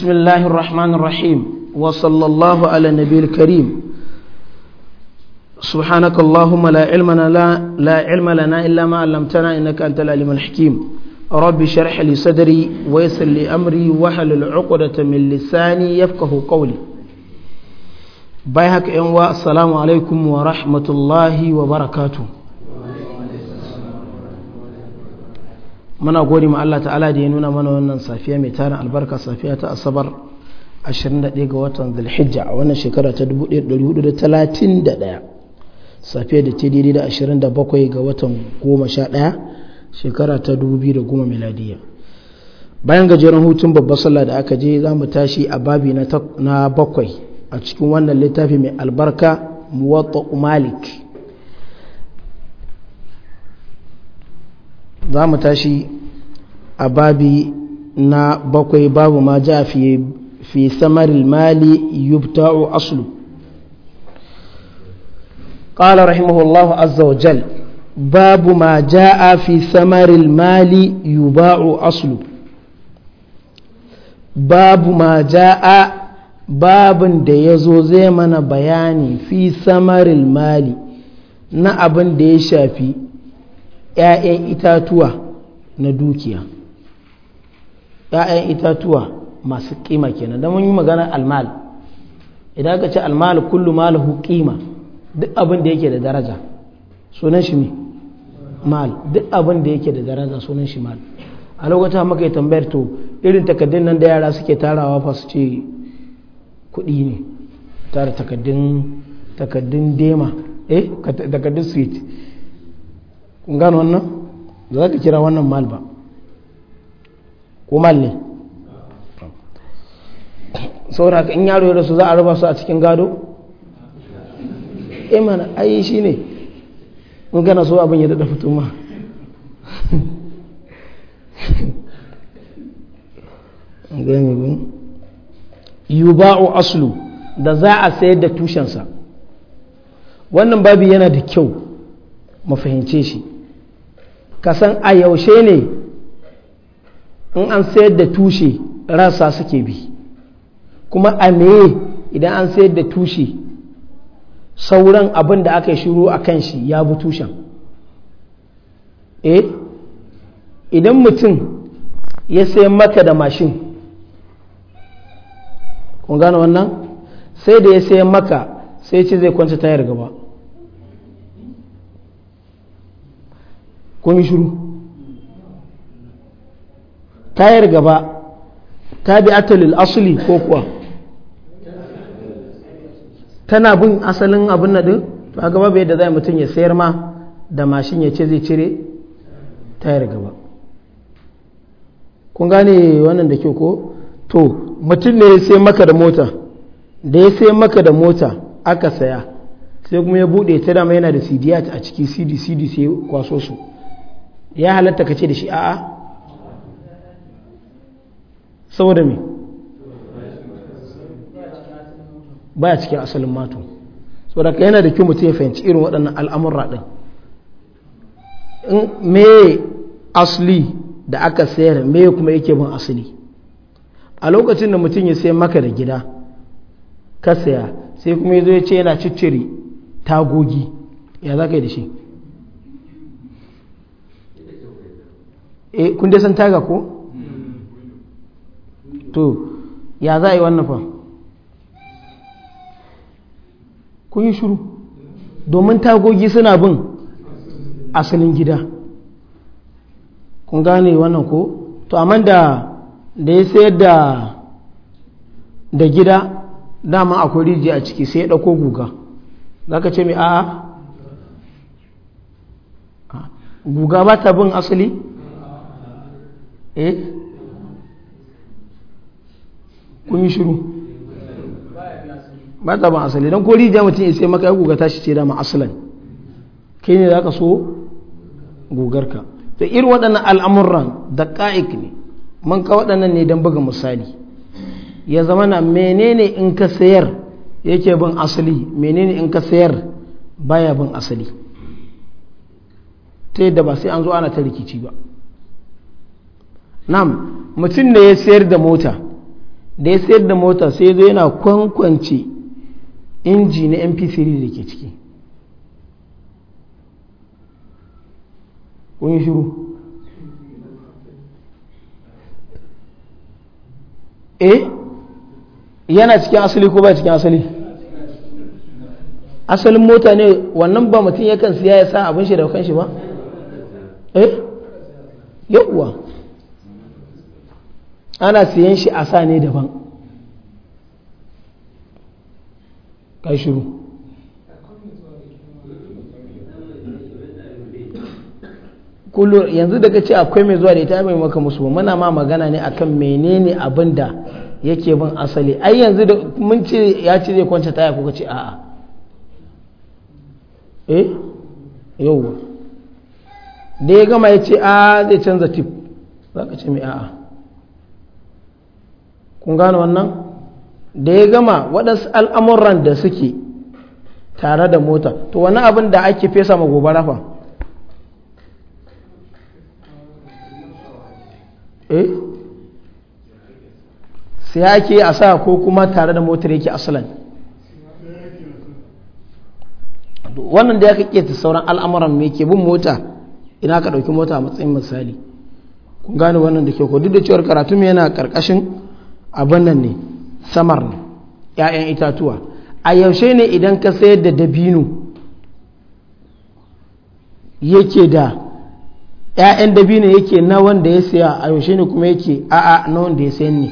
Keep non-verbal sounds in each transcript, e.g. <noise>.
بسم الله الرحمن الرحيم وصلى الله على النبي الكريم سبحانك اللهم لا علم لنا لا علم لنا إلا ما علمتنا إنك أنت العليم الحكيم ربي شرح لي صدري ويسر لي أمري وحل العقدة من لساني يفقه قولي بايهك إنوا السلام عليكم ورحمة الله وبركاته muna gode ma Allah ta'ala da ya nuna mana wannan safiya mai tarin albarka safiya ta asabar 21 ga watan zulhijja a wannan shekara ta 1431 safiya da ta daidai da 27 ga watan 11 shekara ta 2010 miladiya bayan gajeren hutun babbar sallah da aka je za mu tashi a babi na bakwai a cikin wannan littafi mai albarka muwatta malik Za mu tashi a babi na bakwai babu ma ja'a fiye fi samari mali yubbacu casu lu, rahimahu Allahu a zawar jal babu ma ja'a fi samari mali yubbacu casu babu ma ja'a babin da ya zo zai mana bayani fi samari mali na abin da ya shafi. ‘ya'yan itatuwa na dukiya ‘ya'yan itatuwa masu ƙima kenan don mun yi magana almal idan aka ce almal kullu malahu ƙima duk abin da yake da daraja sunan shi ne mal duk abin da yake da daraja sunan shi mal a lokacin maka yi tambayar to irin takaddun nan da yara suke tarawa fa su ce kuɗi ne tara takaddun takaddun dema eh takaddun suite kun gano wannan da za ka kira wannan mal ba ko mal ne sauraka in yaro ya su za a raba su a cikin gado e mana ai shi ne in gana so abin ya daɗa fito ma yuba'u aslu da za a sayar da tushensa wannan babu yana da kyau mu fahimce shi ka san a yaushe ne in an sayar da tushe rasa suke bi kuma a meye idan an sayar da tushe sauran abin da aka yi shiru a kan shi ya bi tushen eh idan mutum ya sayan maka da mashin kun gane wannan sai da ya sayan maka sai ce zai kwanci tayar gaba ko yi shiru tayar gaba ta bi atalil asuli ko kuwa tana bin asalin abin na to a gaba bai da zai mutum ya sayar ma da mashin ya ce zai cire tayar gaba kun gane wannan da ke ko to mutum ne ya sai maka da mota da ya sai maka da mota aka saya sai kuma ya buɗe ta dama yana da cd a ciki cd cd sai kwaso su ya halatta ka ce da shi a'a saboda me baya cikin asalin mato saboda ka yana da kyau mutum ya fahimci irin waɗannan al'amurra ɗin me asli da aka sayar me kuma yake bin asali a lokacin da mutum ya sai maka da gida ka saya sai kuma ya zo ya ce yana cicciri tagogi ya za ka yi da shi eh kun dai san taga ko to ya za a yi wannan fa kun yi shuru domin tagogi suna bin asalin gida kun gane wannan ko to amma da da ya sayar da da gida dama akwai rijiya a ciki sai ya ɗauko guga za ce mai a'a guga ba ta bin asali eh kun yi shiru ba ta ban asali don kori rijiya mutum ya maka ya guga tashi ce dama asalin kai ne za ka so gugarka ta irin waɗannan al'amuran da ƙa'ik ne man ka waɗannan ne don buga misali ya zama na menene in ka sayar yake bin asali menene in ka sayar baya bin asali ta yadda ba sai an zo ana ta rikici ba nam mutum ne ya sayar da mota da ya sayar da mota sai zo yana kwankwance inji na mp3 da ke ciki kun yi shiru eh yana cikin asali ko ba cikin asali asalin mota ne wannan ba mutum yakan siya ya sa abin shi da shi ba eh yawwa ana siyan shi a sa ne daban kai shiru kullu yanzu daga ce akwai mai zuwa da ita mai maka musu muna ma magana ne akan menene abin da yake bin asali ai yanzu da mun ce ya ce zai kwanta taya kuka ce a'a eh yauwa da ya gama ya ce a zai canza tip za ka ce mai a'a kun gane wannan da ya gama waɗansu al'amuran da suke tare da mota to wani abin da ake fesa ma gobara fa eh sai ake a sa ko kuma tare da motar yake asalan wannan da ya kake ta sauran al'amuran mai ke bin mota ina ka ɗauki mota a matsayin misali kun gane wannan da ke ko duk da cewar karatu mai yana ƙarƙashin abin nan ne samar ne ‘ya'yan itatuwa a yaushe ne idan ka sayar da dabino yake da ‘ya'yan dabino yake na wanda ya saya a yaushe ne kuma yake a'a na wanda ya sayan ne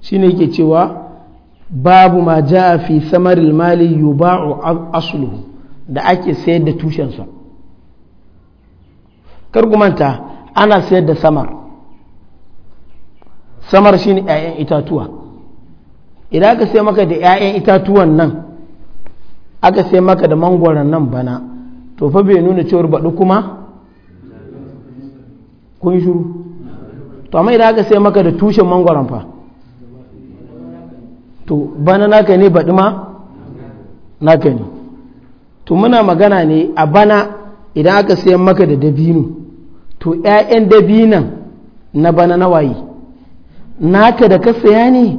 shi ne yake cewa babu ma ja fi samaril mali a asulu da ake sayar da tushensa kar manta ana sayar da samar samar shi ne 'ya'yan itatuwa idan aka sai maka da 'ya'yan itatuwan nan aka sai maka da mangwaron nan bana to fa bai nuna cewar baɗi kuma kun shuru to amma idan aka sai maka da tushen mangwaron fa to bana naka ne baɗi ma naka ne to muna magana ne a bana idan aka sai maka da dabino to 'ya'yan dabinan na bana na waye naka da ka saya ne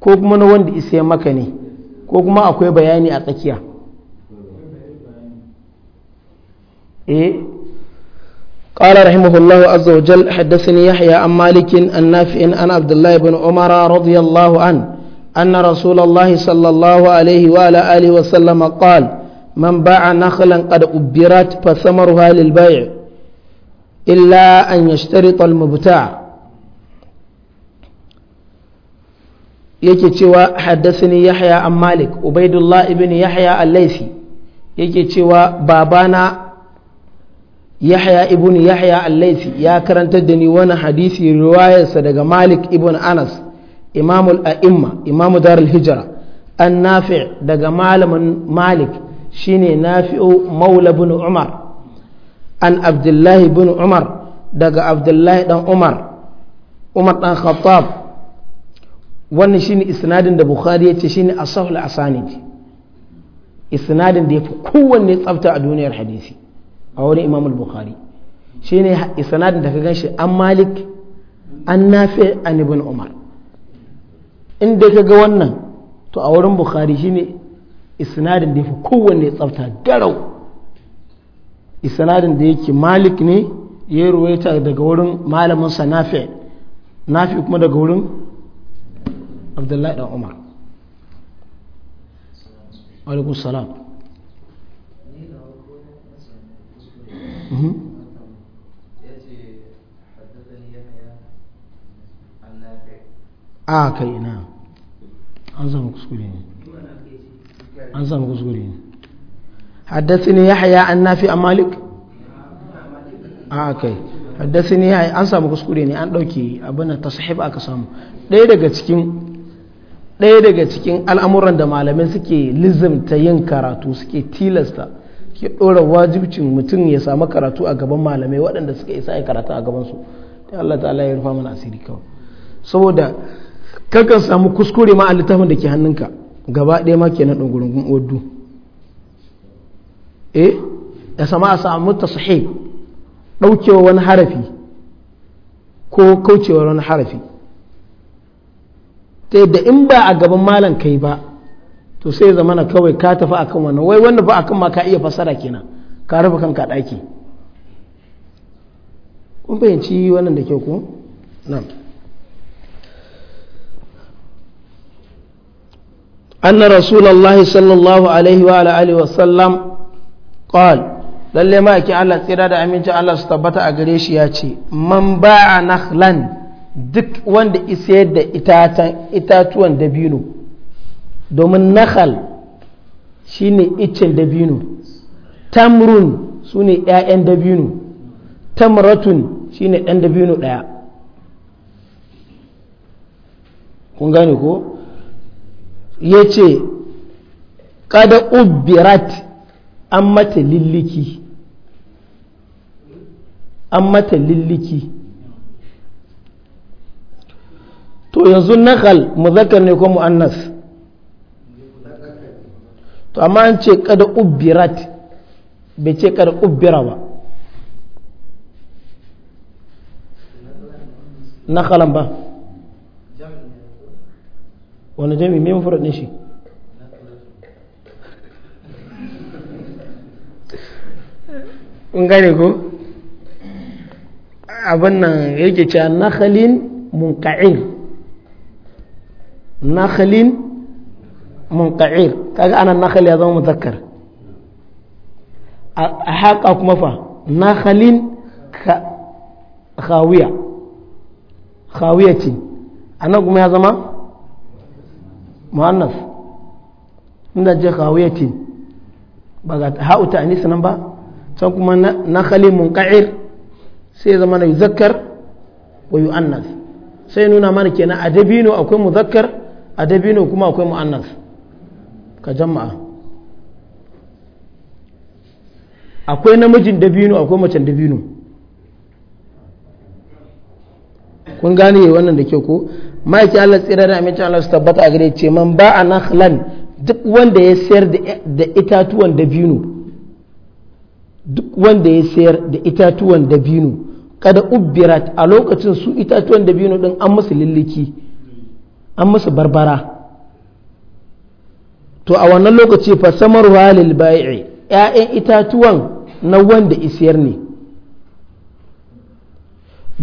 ko kuma na wanda isa maka ne ko kuma akwai bayani a tsakiya eh قال رحمه الله عز وجل حدثني يحيى عن مالك النافع عن عبد الله بن عمر رضي الله عنه أن رسول الله صلى الله عليه وعلى آله وسلم قال من باع نخلا قد أبرت فثمرها للبيع إلا أن يشترط المبتاع yake cewa haddasani yahya an malik ubaidullah ibn yahya al-laisi yake cewa babana yahya ibn yahya al-laisi ya karantar da ni wani hadisi riwayarsa daga malik ibn anas imamul a'imma imamu darul hijra an nafi daga malamin malik shine nafi'u maula bin umar an abdullahi bin umar daga abdullahi dan umar umar dan khattab wannan shine isnadin da bukhari ya ce shine asahul asanid isnadin da yafi kowanne tsafta a duniyar hadisi a wurin imam al-bukhari shine isnadin da ka ganshi an malik an nafi an ibn umar inda ka ga wannan to a wurin bukhari shine isnadin da yafi kowanne tsafta garau isnadin da yake malik ne ya ruwaita daga wurin malamin sa nafi nafi kuma daga wurin abdullahi dan umar alaikun salam mhm. a ah, kai na an zama kuskure ne an zama kuskure ne حدثني ya haya an nafi a malik a ah, kai ya haya an samu kuskure ne an ɗauki abin tasahib aka samu ɗaya daga cikin ɗaya daga cikin al'amuran da malamai suke lizimta yin karatu suke tilasta ke ɗora wajibcin mutum ya samu karatu a gaban malamai waɗanda suka isa ya karatu a gabansu da Allah ta'ala ya rufa mana asiri kawai saboda kakan samu kuskure ma a littafin da ke hannunka gaba ɗaya ma ke na gurgun E! eh ya sama a samu tasahih ɗaukewa wani harafi ko kaucewa wani harafi ta yadda in ba a gaban malam kai ba to sai zama na kawai ka tafi akan wannan wai wanda ba akan ma ka iya fasara kenan ka rufe kanka daki kun fahimci wannan da ke ku nan anna rasulullahi sallallahu alaihi wa alihi wa sallam qal lalle ma ki Allah tsira da aminci Allah su tabbata a gare shi ya ce man ba'a nakhlan duk wanda isayar yadda itatuwan dabino domin nahal shine iccen dabino tamrun su ne 'ya'yan dabino tamratun shine ɗan dabino ɗaya kun gane ko ya ce kada ubirat an mata lilliki an mata lilliki to yanzu nakal muzakkar ne ko mu'annas to amma an ce kada ubirat bai ce kada ubira ba nakalan ba wani jami mai mafarar ɗin shi kun gane ko abin nan yake cewa nakalin munkain nakhlin munqa'ir kaga ana nakhl ya zama muzakkar a haka kuma fa nakhlin khawiya khawiya anan kuma ya zama muannas inda je khawiya ba ga ha'u ta anisa nan ba can kuma sai zama na yuzakkar wa yu'annas sai nuna mana kenan a dabino akwai muzakkar a dabino kuma akwai mu'annas ka jama'a akwai namijin dabino akwai macen dabino kun gane wannan da ke ko ma'aiki Allah tsira da amince Allah su tabbata a gare ce man ba a nakhlan duk wanda ya sayar da itatuwan dabino duk wanda ya sayar da itatuwan dabino kada ubbirat a lokacin su itatuwan dabino din an musu lilliki an musu barbara to a wannan lokaci fa samaru halil bai'i ‘ya'yan itatuwan na wanda isiyar ne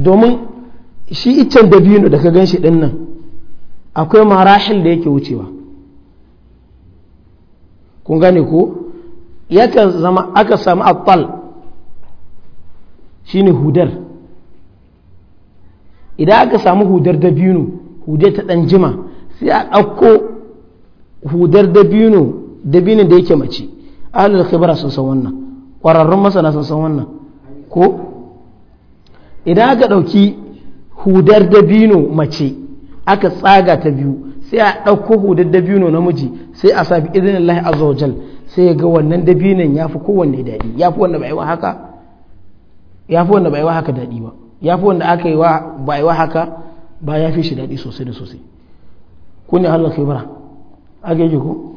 domin shi iccen dabino da ka gan shi ɗin nan akwai marahil da yake wucewa kun gane ko yakan zama aka samu shi shine hudar idan aka samu hudar dabino hude ta ɗan jima sai a ɗauko hudar dabino dabinin da yake mace ahlul khibra sun san wannan ƙwararrun masana sun san wannan ko idan aka ɗauki hudar dabino mace aka tsaga ta biyu sai a ɗauko hudar dabino namiji sai a sabi izinin Allah azawajal sai ga wannan dabinon ya fi kowanne daɗi ya fi wanda ba yi wa haka ya fi wanda ba yi wa haka daɗi ba ya fi wanda aka yi wa ba yi wa haka ba ya fi shi daɗi sosai da sosai ku ne halal bara a gaji ku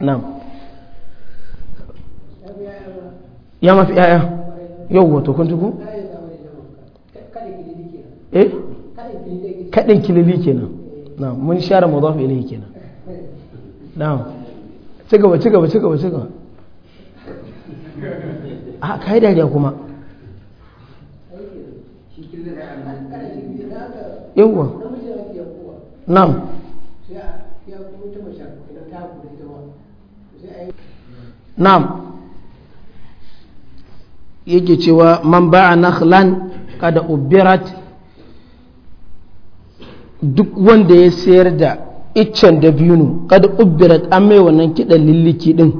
na'am ya mafi yaya yau wato kun tuku eh kaɗin kilili kenan na'am mun share mudaf ilayhi kenan na'am cigaba cigaba cigaba cigaba a ah, kai dariya kuma yawwa nam nam yake cewa man ba'a nakhlan kada ubirat duk wanda ya sayar da iccen da biyu kada ubirat an mai wannan kidan lilliki din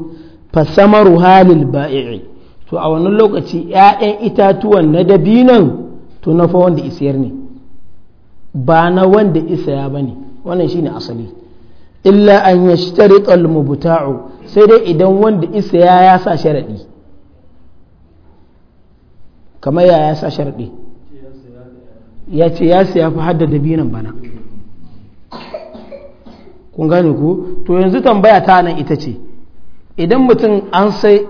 fasamaru halil ba'i'i to a wannan lokaci 'ya'yan itatuwan na dabinan to na fa wanda isiyar ne ba na wanda isa ya bane wannan shine asali illa an yashtarita al sai dai idan wanda isa ya ya sa sharadi kamar ya ya sa sharadi ya ce ya siya fi haddada binan bana kun gane ku to yanzu tambaya ta nan ita ce idan mutum an sai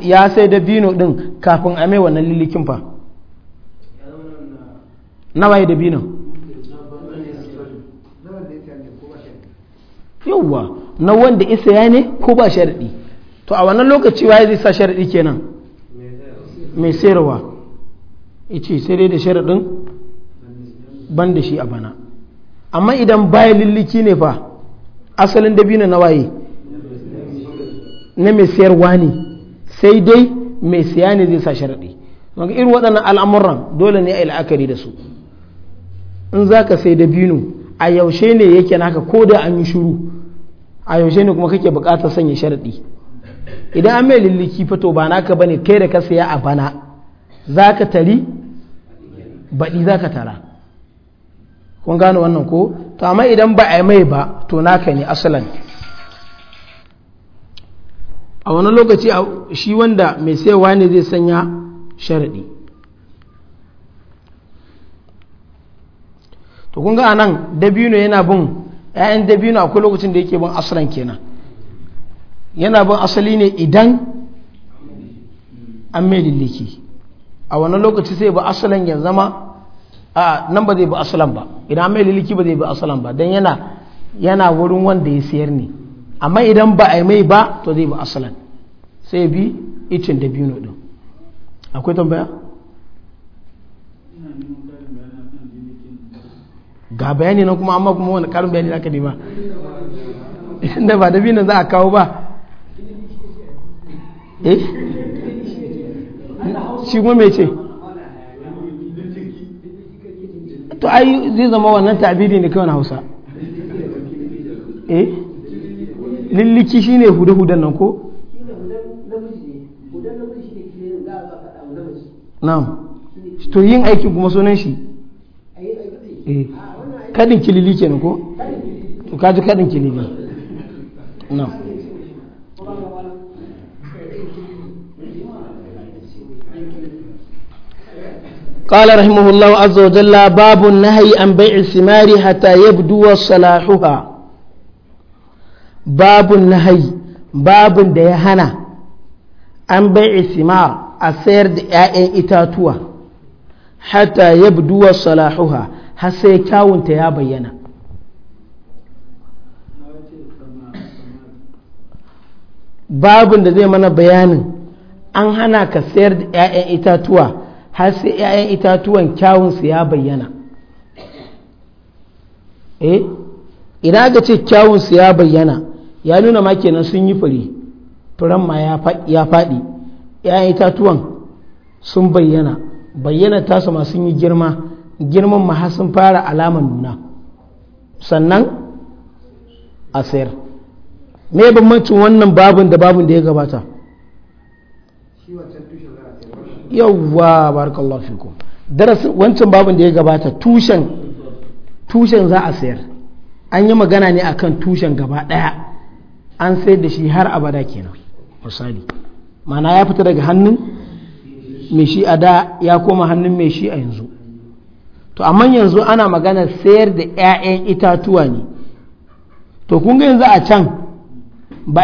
ya sai da bino din kafin a mai wannan lilikin fa nawa ya da binan yauwa na wanda isa ya ne ko ba sharaɗi to a wannan lokaci waye zai sa sharaɗi kenan mai sayarwa ice sai dai da sharaɗin ban da shi a bana amma idan baya lilliki ne fa asalin dabino na waye na mai sayarwa ne sai dai mai saya ne zai sa sharaɗi wanda irin waɗannan al'amuran dole ne a yi la'akari da su in za ka sai dabino a yaushe ne yake naka ko da an yi shuru a yaushe ne kuma kake bukatar sanya sharaɗi idan an mai lilliki fato ba naka bane kai da ka saya a bana za ka tari baɗi za ka tara kun gane wannan ko to amma idan ba a mai ba to naka ne asalan a wani lokaci shi wanda mai sayawa ne zai sanya sharaɗi to kun ga anan dabino yana bin ‘ya'yan dabino akwai lokacin da yake bin asalan kenan yana bin asali ne idan an mai lilliki a wannan lokaci sai ba asalan ya zama a nan ba zai ba asalan ba idan an mai lilliki ba zai ba asalan ba don yana yana wurin wanda ya sayar ne amma idan ba a mai ba to zai ba asalan sai bi icin dabino din akwai tambaya ga bayani nan kuma amma kuma wani karin bayani zaka nema inda ba da binan za a kawo ba eh shi kuma mai ce to ai zai zama wannan tabiri ne kawai na hausa eh lilliki shine hudu-hudun nan ko na'am to yin aiki kuma sunan shi eh kadin kilili kenan ko to kaji kadin kilili na'am قال رحمه الله عز وجل باب النهي عن بيع الثمار حتى يبدو صلاحها باب النهي باب da ya hana an bai'i simar a sayar da ‘ya'yan itatuwa hatta yabduwa salahuha har sai kyawunta ya bayyana babin da zai mana bayanin an hana ka sayar da 'ya'yan itatuwa har sai 'ya'yan itatuwan kyawunsu ya bayyana eh idan aka ce kyawunsu ya bayyana ya nuna ma kenan sun yi fure furen ma ya faɗi 'ya'yan itatuwan sun bayyana bayyana tasu ma sun yi girma girman maha sun fara alaman nuna sannan a sayar me bambancin wannan babin da babin da ya gabata barakallahu fikum darasin wancan babin da ya gabata tushen tushen za a sayar an yi magana ne akan tushen gaba daya an sayar da shi har abada kenan misali mana ya fita daga hannun mai shi a da ya koma hannun mai shi a yanzu to amma yanzu ana magana sayar da 'ya'yan itatuwa ne to kun ga yanzu a can ba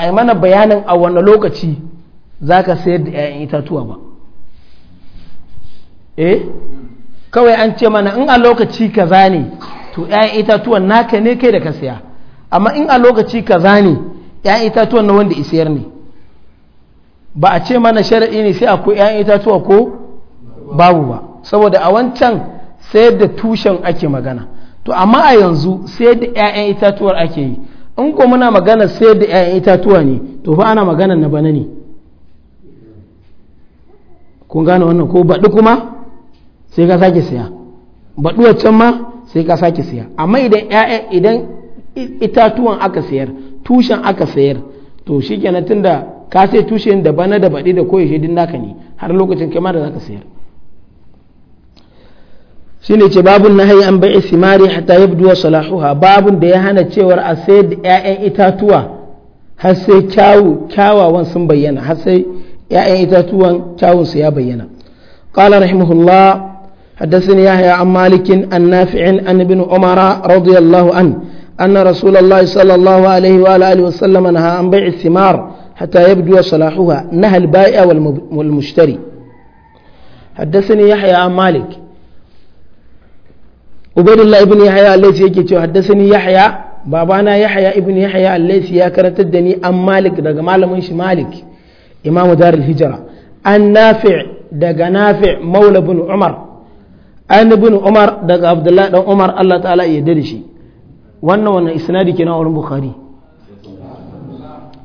a mana bayanin a wani lokaci za ka sayar da 'ya'yan itatuwa ba eh kawai an ce mana in a lokaci kaza ne to 'ya'yan na naka ne kai da ka saya amma in a lokaci kaza ne 'ya'yan itatuwa na wanda isayar ne ba a ce mana shari'i ne sai akwai 'ya'yan itatuwa ko babu ba saboda a wancan sayar da tushen ake magana to amma a yanzu sayar da 'ya'yan itatuwar ake yi in ko muna magana sayar da 'ya'yan itatuwa ne to fa ana magana na bana ne kun gane wannan ko baɗi kuma sai ka sake siya baɗi waccan ma sai ka sake siya amma idan idan itatuwan aka sayar tushen aka sayar to shi tun tunda ka sai tushen da bana da baɗi da koyaushe din naka ne har lokacin kai ma da zaka sayar shine ce babun nahayi an bai'i simari hatta yabduwa salahuha babun da ya hana cewar a sayar da 'ya'yan itatuwa har sai kyawawan sun bayyana har sai 'ya'yan itatuwan kyawunsu ya bayyana qala rahimahullah حدثني يحيى عن مالك عن نافع عن ابن عمر رضي الله عنه أن رسول الله صلى الله عليه وآله وسلم نهى عن بيع الثمار حتى يبدو صلاحها نهى البائع والمشتري حدثني يحيى عن مالك ubaidullah ibn yahya allaisi yake cewa haddasani yahya babana yahya ibn yahya allaisi ya karantar da ni an malik daga malamin shi malik imamu darul hijra an nafi' daga nafi' maula bin umar an ibn umar daga abdullahi dan umar Allah ta'ala ya yarda da shi wannan wannan isnadi kenan a wurin bukhari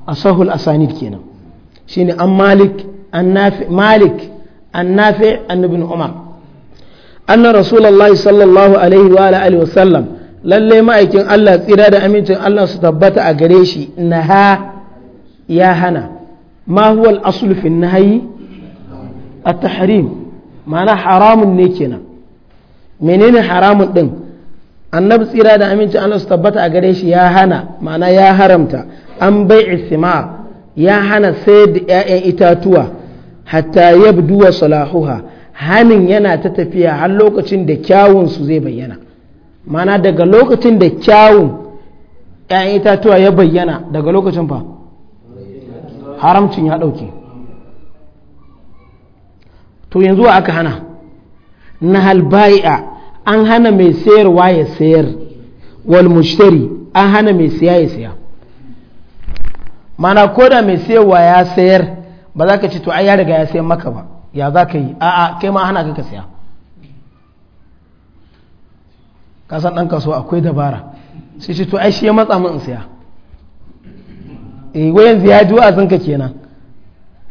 asahul asanid kenan shine an malik an nafi malik an nafi an ibn umar anna rasulullahi sallallahu alaihi wa alihi wa sallam lalle ma'aikin Allah tsira da amincin Allah su tabbata a gare shi naha ya hana ma huwa al-aslu fi nahyi at-tahrim ma'ana haramun ne kenan menene haramun din annabi tsira da amincin Allah su tabbata a gare shi ya hana ma'ana ya haramta an bai'i thimar ya hana sayar da 'ya'yan itatuwa hatta yabduwa salahuha hanin yana ta tafiya har lokacin da kyawun su zai bayyana mana daga lokacin da kyawun ‘ya'yan itatuwa ya bayyana daga lokacin fa haramcin ya ɗauki to yanzu aka hana na halbaya an hana mai sayarwa ya sayar wal mushtari an hana mai siya ya siya mana koda mai sayarwa ya sayar ba za ka ci to ai ya riga ya sayar maka ba ya za ka yi a'a kai ma hana ka siya kasan ɗan kaso akwai dabara sai ce to ai shi ya matsa min in siya eh yanzu ya ji wa'azinka kenan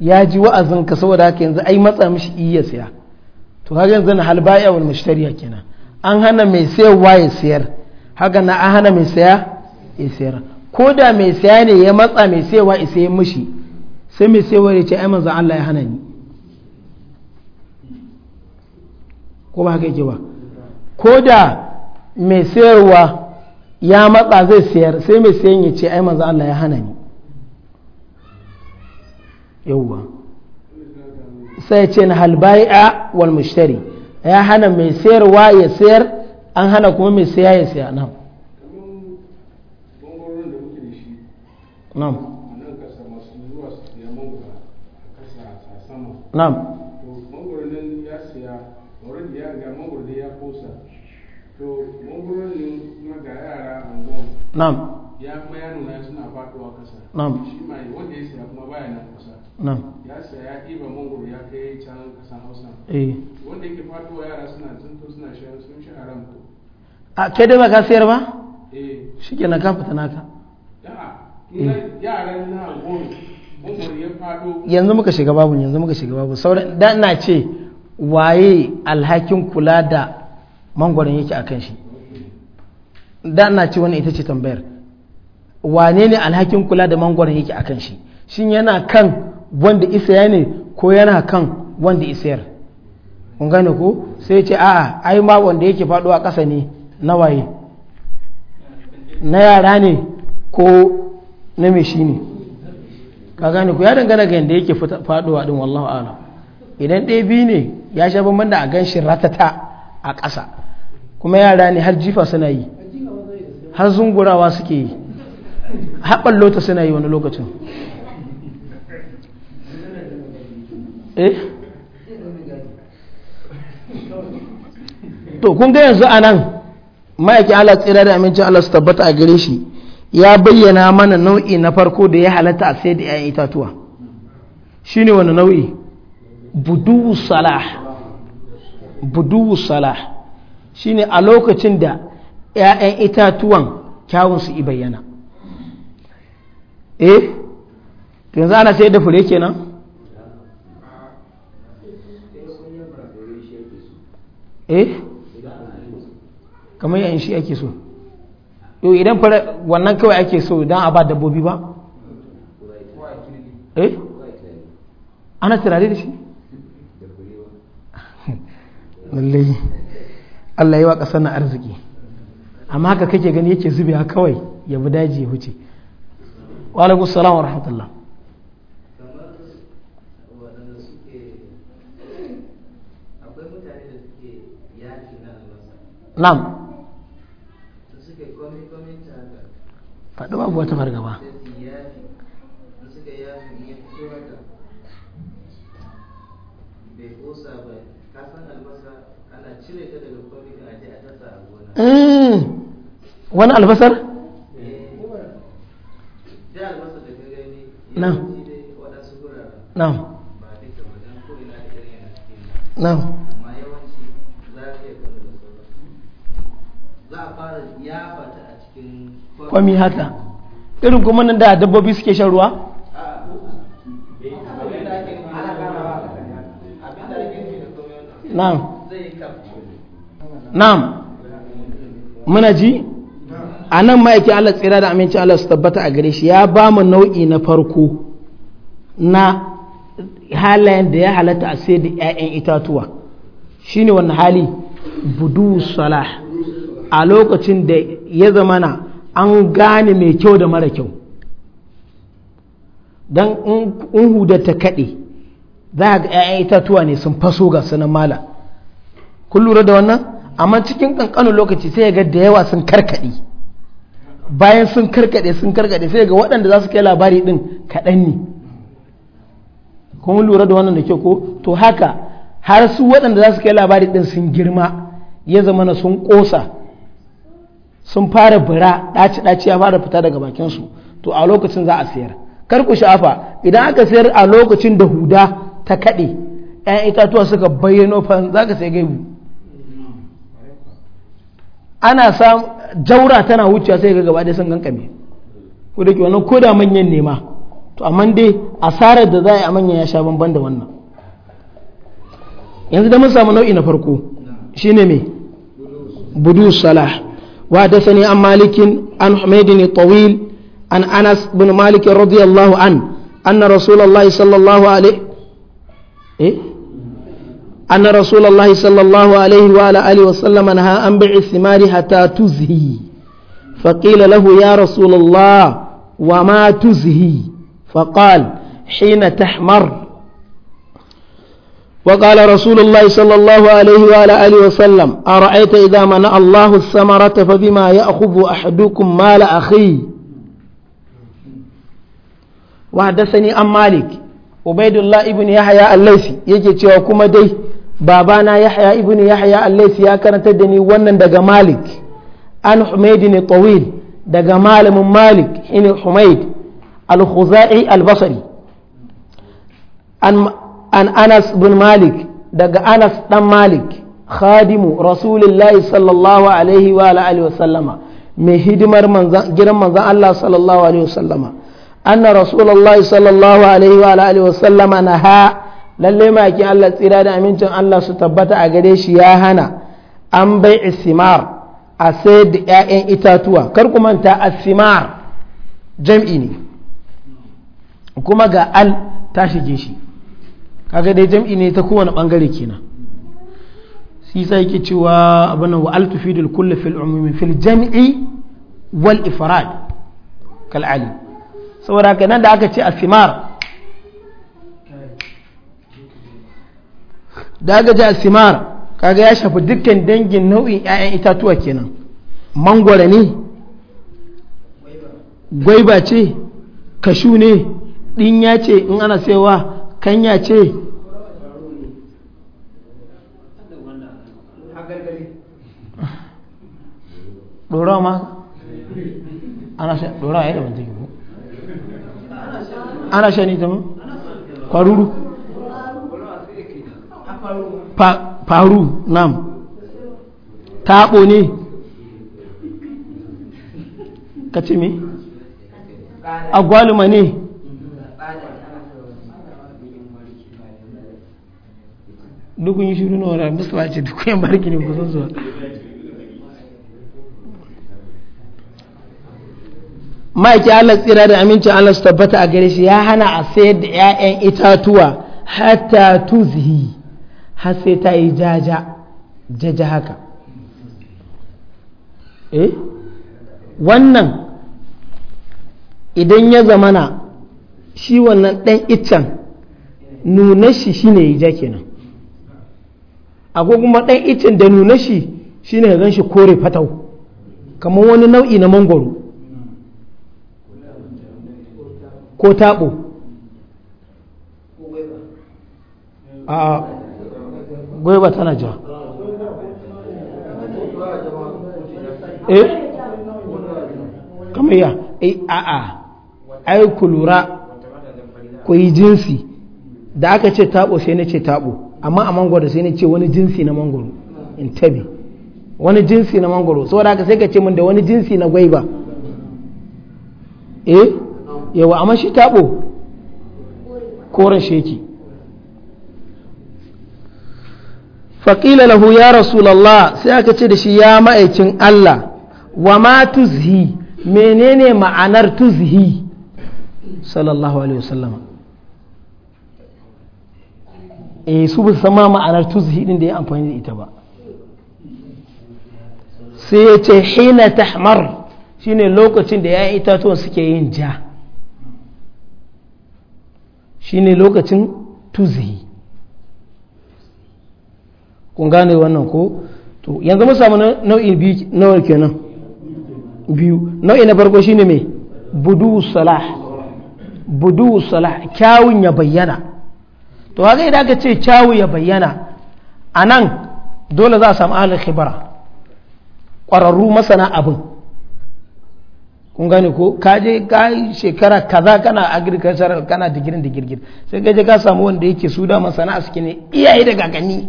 ya ji wa'azin ka saboda haka yanzu ai matsa mishi iya siya to kaga yanzu na halbaya wal mushtariya kenan an hana mai sayarwa ya sayar haka na an hana mai saya ya sayar ko da mai saya ne ya matsa mai sayarwa ya sayar mishi sai mai sayarwa ya ce ai manzon Allah ya hana ni ko ba haka yake ba ko da mai sayarwa ya matsa zai sayar sai mai sayan ya ce ai manzo Allah ya hana ni yawwa sai ce na halbai'a wal mushtari ya hana mai sayarwa ya sayar an hana kuma mai saya ya saya nan na'am na'am na'am ya kuma ya nuna suna faduwa kasa na'am shi mai wanda ya saya kuma baya nan kusa na'am ya saya ɗiba mangoro ya kai can kasan hausa eh wanda yake faduwa yara suna tsinto suna shayar sun shi haram ko a kai dai ba ka sayar ba eh shi kenan ka fita naka eh. yaran na goro ya fado yanzu muka shiga babu yanzu muka shiga babu sauran da na ce waye alhakin kula da mangoron yake akan shi da na ci wannan ita ce tambayar wane ne alhakin kula da mangwaron yake akan shi shin yana kan wanda isaya ne ko yana kan wanda isayar kun gane ko sai ce a'a ai ma wanda yake faduwa ƙasa ne na waye na yara ne ko na mai shi ne ka gane ku ya dangana ga yadda yake faduwa din wallahu a'lam idan ɗaya biyu ne ya sha bamban da a gan shi ratata a ƙasa kuma yara ne har jifa suna yi har zungurawa suke yi haɓar lota suna yi wani lokacin eh to kun ga yanzu anan nan ma'aikin Allah tsira da amincin Allah su tabbata a gare shi ya bayyana mana nau'i na farko da ya halatta a sai da 'ya'yan itatuwa shine wani nau'i budu salah budu salah shine a lokacin da 'ya'yan itatuwan kyawunsu i bayyana eh yanzu ana sayar da fure kenan eh kamar yayin shi ake so yau idan fara wannan kawai ake so don a ba dabbobi ba eh ana turare da shi <laughs> lallai allah yi wa ƙasar na arziki amma haka kake gani yake zube zubewa kawai ya bi daji ya huce wa alaikum salam wa rahmatullah na'am faɗi babu wata fargaba Mm. wani albasar na'am na'am kwami haka irin kuma nan da dabbobi suke shan ruwa na'am na'am muna ji a nan ma'aikin Allah tsira da aminci Allah su tabbata a gare shi ya ba mu nau'i na farko na halayen da ya halatta a sai da 'ya'yan itatuwa Shi ne wani hali budu salah a lokacin da ya zamana an gane mai kyau da mara kyau don in hudata kaɗe za ga 'ya'yan itatuwa ne sun faso ga sunan mala kun lura da wannan amma cikin ƙanƙanin lokaci sai ya ga da yawa sun karkaɗe bayan sun karkade sun karkade sai ga waɗanda za su kai labari ɗin kaɗan ne kuma lura da wannan da ke ko to haka har su waɗanda za su kai labari ɗin sun girma ya zama na sun ƙosa sun fara bira ɗaci ɗaci ya fara fita daga bakinsu to a lokacin za a sayar kar ku sha'afa idan aka sayar a lokacin da huda ta kaɗe 'yan itatuwa suka bayyano fa za ka sai gaibu ana samu jaura tana wucewa sai ga gaba da sun gankame ko da ke wannan ko da manyan nema to amma dai asarar da za a yi a manyan ya sha bamban da wannan yanzu da mun samu nau'i na farko shine me budu salah wa da sani an malikin an humaydin tawil an anas bin malikin radiyallahu an anna rasulullahi sallallahu alaihi eh أن رسول الله صلى الله عليه وعلى آله وسلم نهى عن بيع الثمار حتى تزهي فقيل له يا رسول الله وما تزهي فقال حين تحمر وقال رسول الله صلى الله عليه وعلى آله وسلم أرأيت إذا منع الله الثمرة فبما يأخذ أحدكم مال أخيه وحدثني أم مالك عبيد الله ابن يحيى الليثي يجي تيوكما دي babana yahya ibnu yahya allaisi ya karantar da ni wannan daga malik an humaid ne tawil daga malamin malik shine humaid al-khuzai al-basri an anas bin malik daga anas dan malik khadimu rasulillahi sallallahu alaihi wa alihi mai hidimar gidan manzan Allah sallallahu alaihi wa anna rasulullahi sallallahu alaihi wa alihi na ha lalle maki Allah tsira da amincin Allah su tabbata a gare shi ya hana an bai isimar a sayar da 'ya'yan itatuwa kar ku manta asimar jam'i ne kuma ga al ta shige shi kaga dai jam'i ne ta kowane bangare kenan shi sai yake cewa abin wa al tufidul kullu fil umumi fil jam'i wal ifrad kal ali saboda kenan da aka ce asimar da ga ji asimar kaga ya shafi dukkan dangin nau'in 'ya'yan itatuwa kenan mangwara ne gwaiba ce kashu ne ya ce in ana saiwa kanya ce ɗorawa ma ana sha ɗora ya ana sha ne zama kwaruru faru nam tabo ne ka ce me agwaluma ne dukun yi shirin wa wara musuwa ce dukun yan barki ne kusan zuwa ma'aiki Allah tsira da amincin Allah su tabbata a gare shi ya hana a sayar da 'ya'yan itatuwa hatta tuzhi har sai ta yi jaja jaja haka eh wannan idan ya zamana shi wannan ɗan iccen nuna shi shine ya jake kenan akwai kuma ɗan iccen da nuna shi shine ya gan shi kore fatau kamar wani nau'i na mangoro ko taɓo gwaiba tana jira eh kamar ya eh a ai ku lura ku yi jinsi da aka ce tabo sai na ce tabo amma a mangoro sai na ce wani jinsi na mangoro in tabi wani jinsi na mangoro saboda haka sai ka ce min da wani jinsi na gwaiba eh yawa amma shi tabo koren sheki faƙila lahu ya rasulallah sai aka ce da shi ya ma'aikin Allah wa ma tuzhi menene ma'anar tuzhi sallallahu alaihi wasallam eh su ba sama ma'anar tuzhi din da ya amfani da ita ba sai ya ce hina tahmar shine lokacin da ya itatuwan suke yin ja shine lokacin tuzhi kun gane wannan ko to yanzu mun samu nau'i biyu kenan biyu nau'i na farko shine me budu salah budu salah kyawun ya bayyana to haka idan aka ce kyawu ya bayyana anan dole za a samu ahlul khibara ƙwararru masana abin kun gane ko ka je ka shekara kaza kana agriculture kana digirin digirgir sai ka je ka samu wanda yake su da masana suke ne iyaye daga gani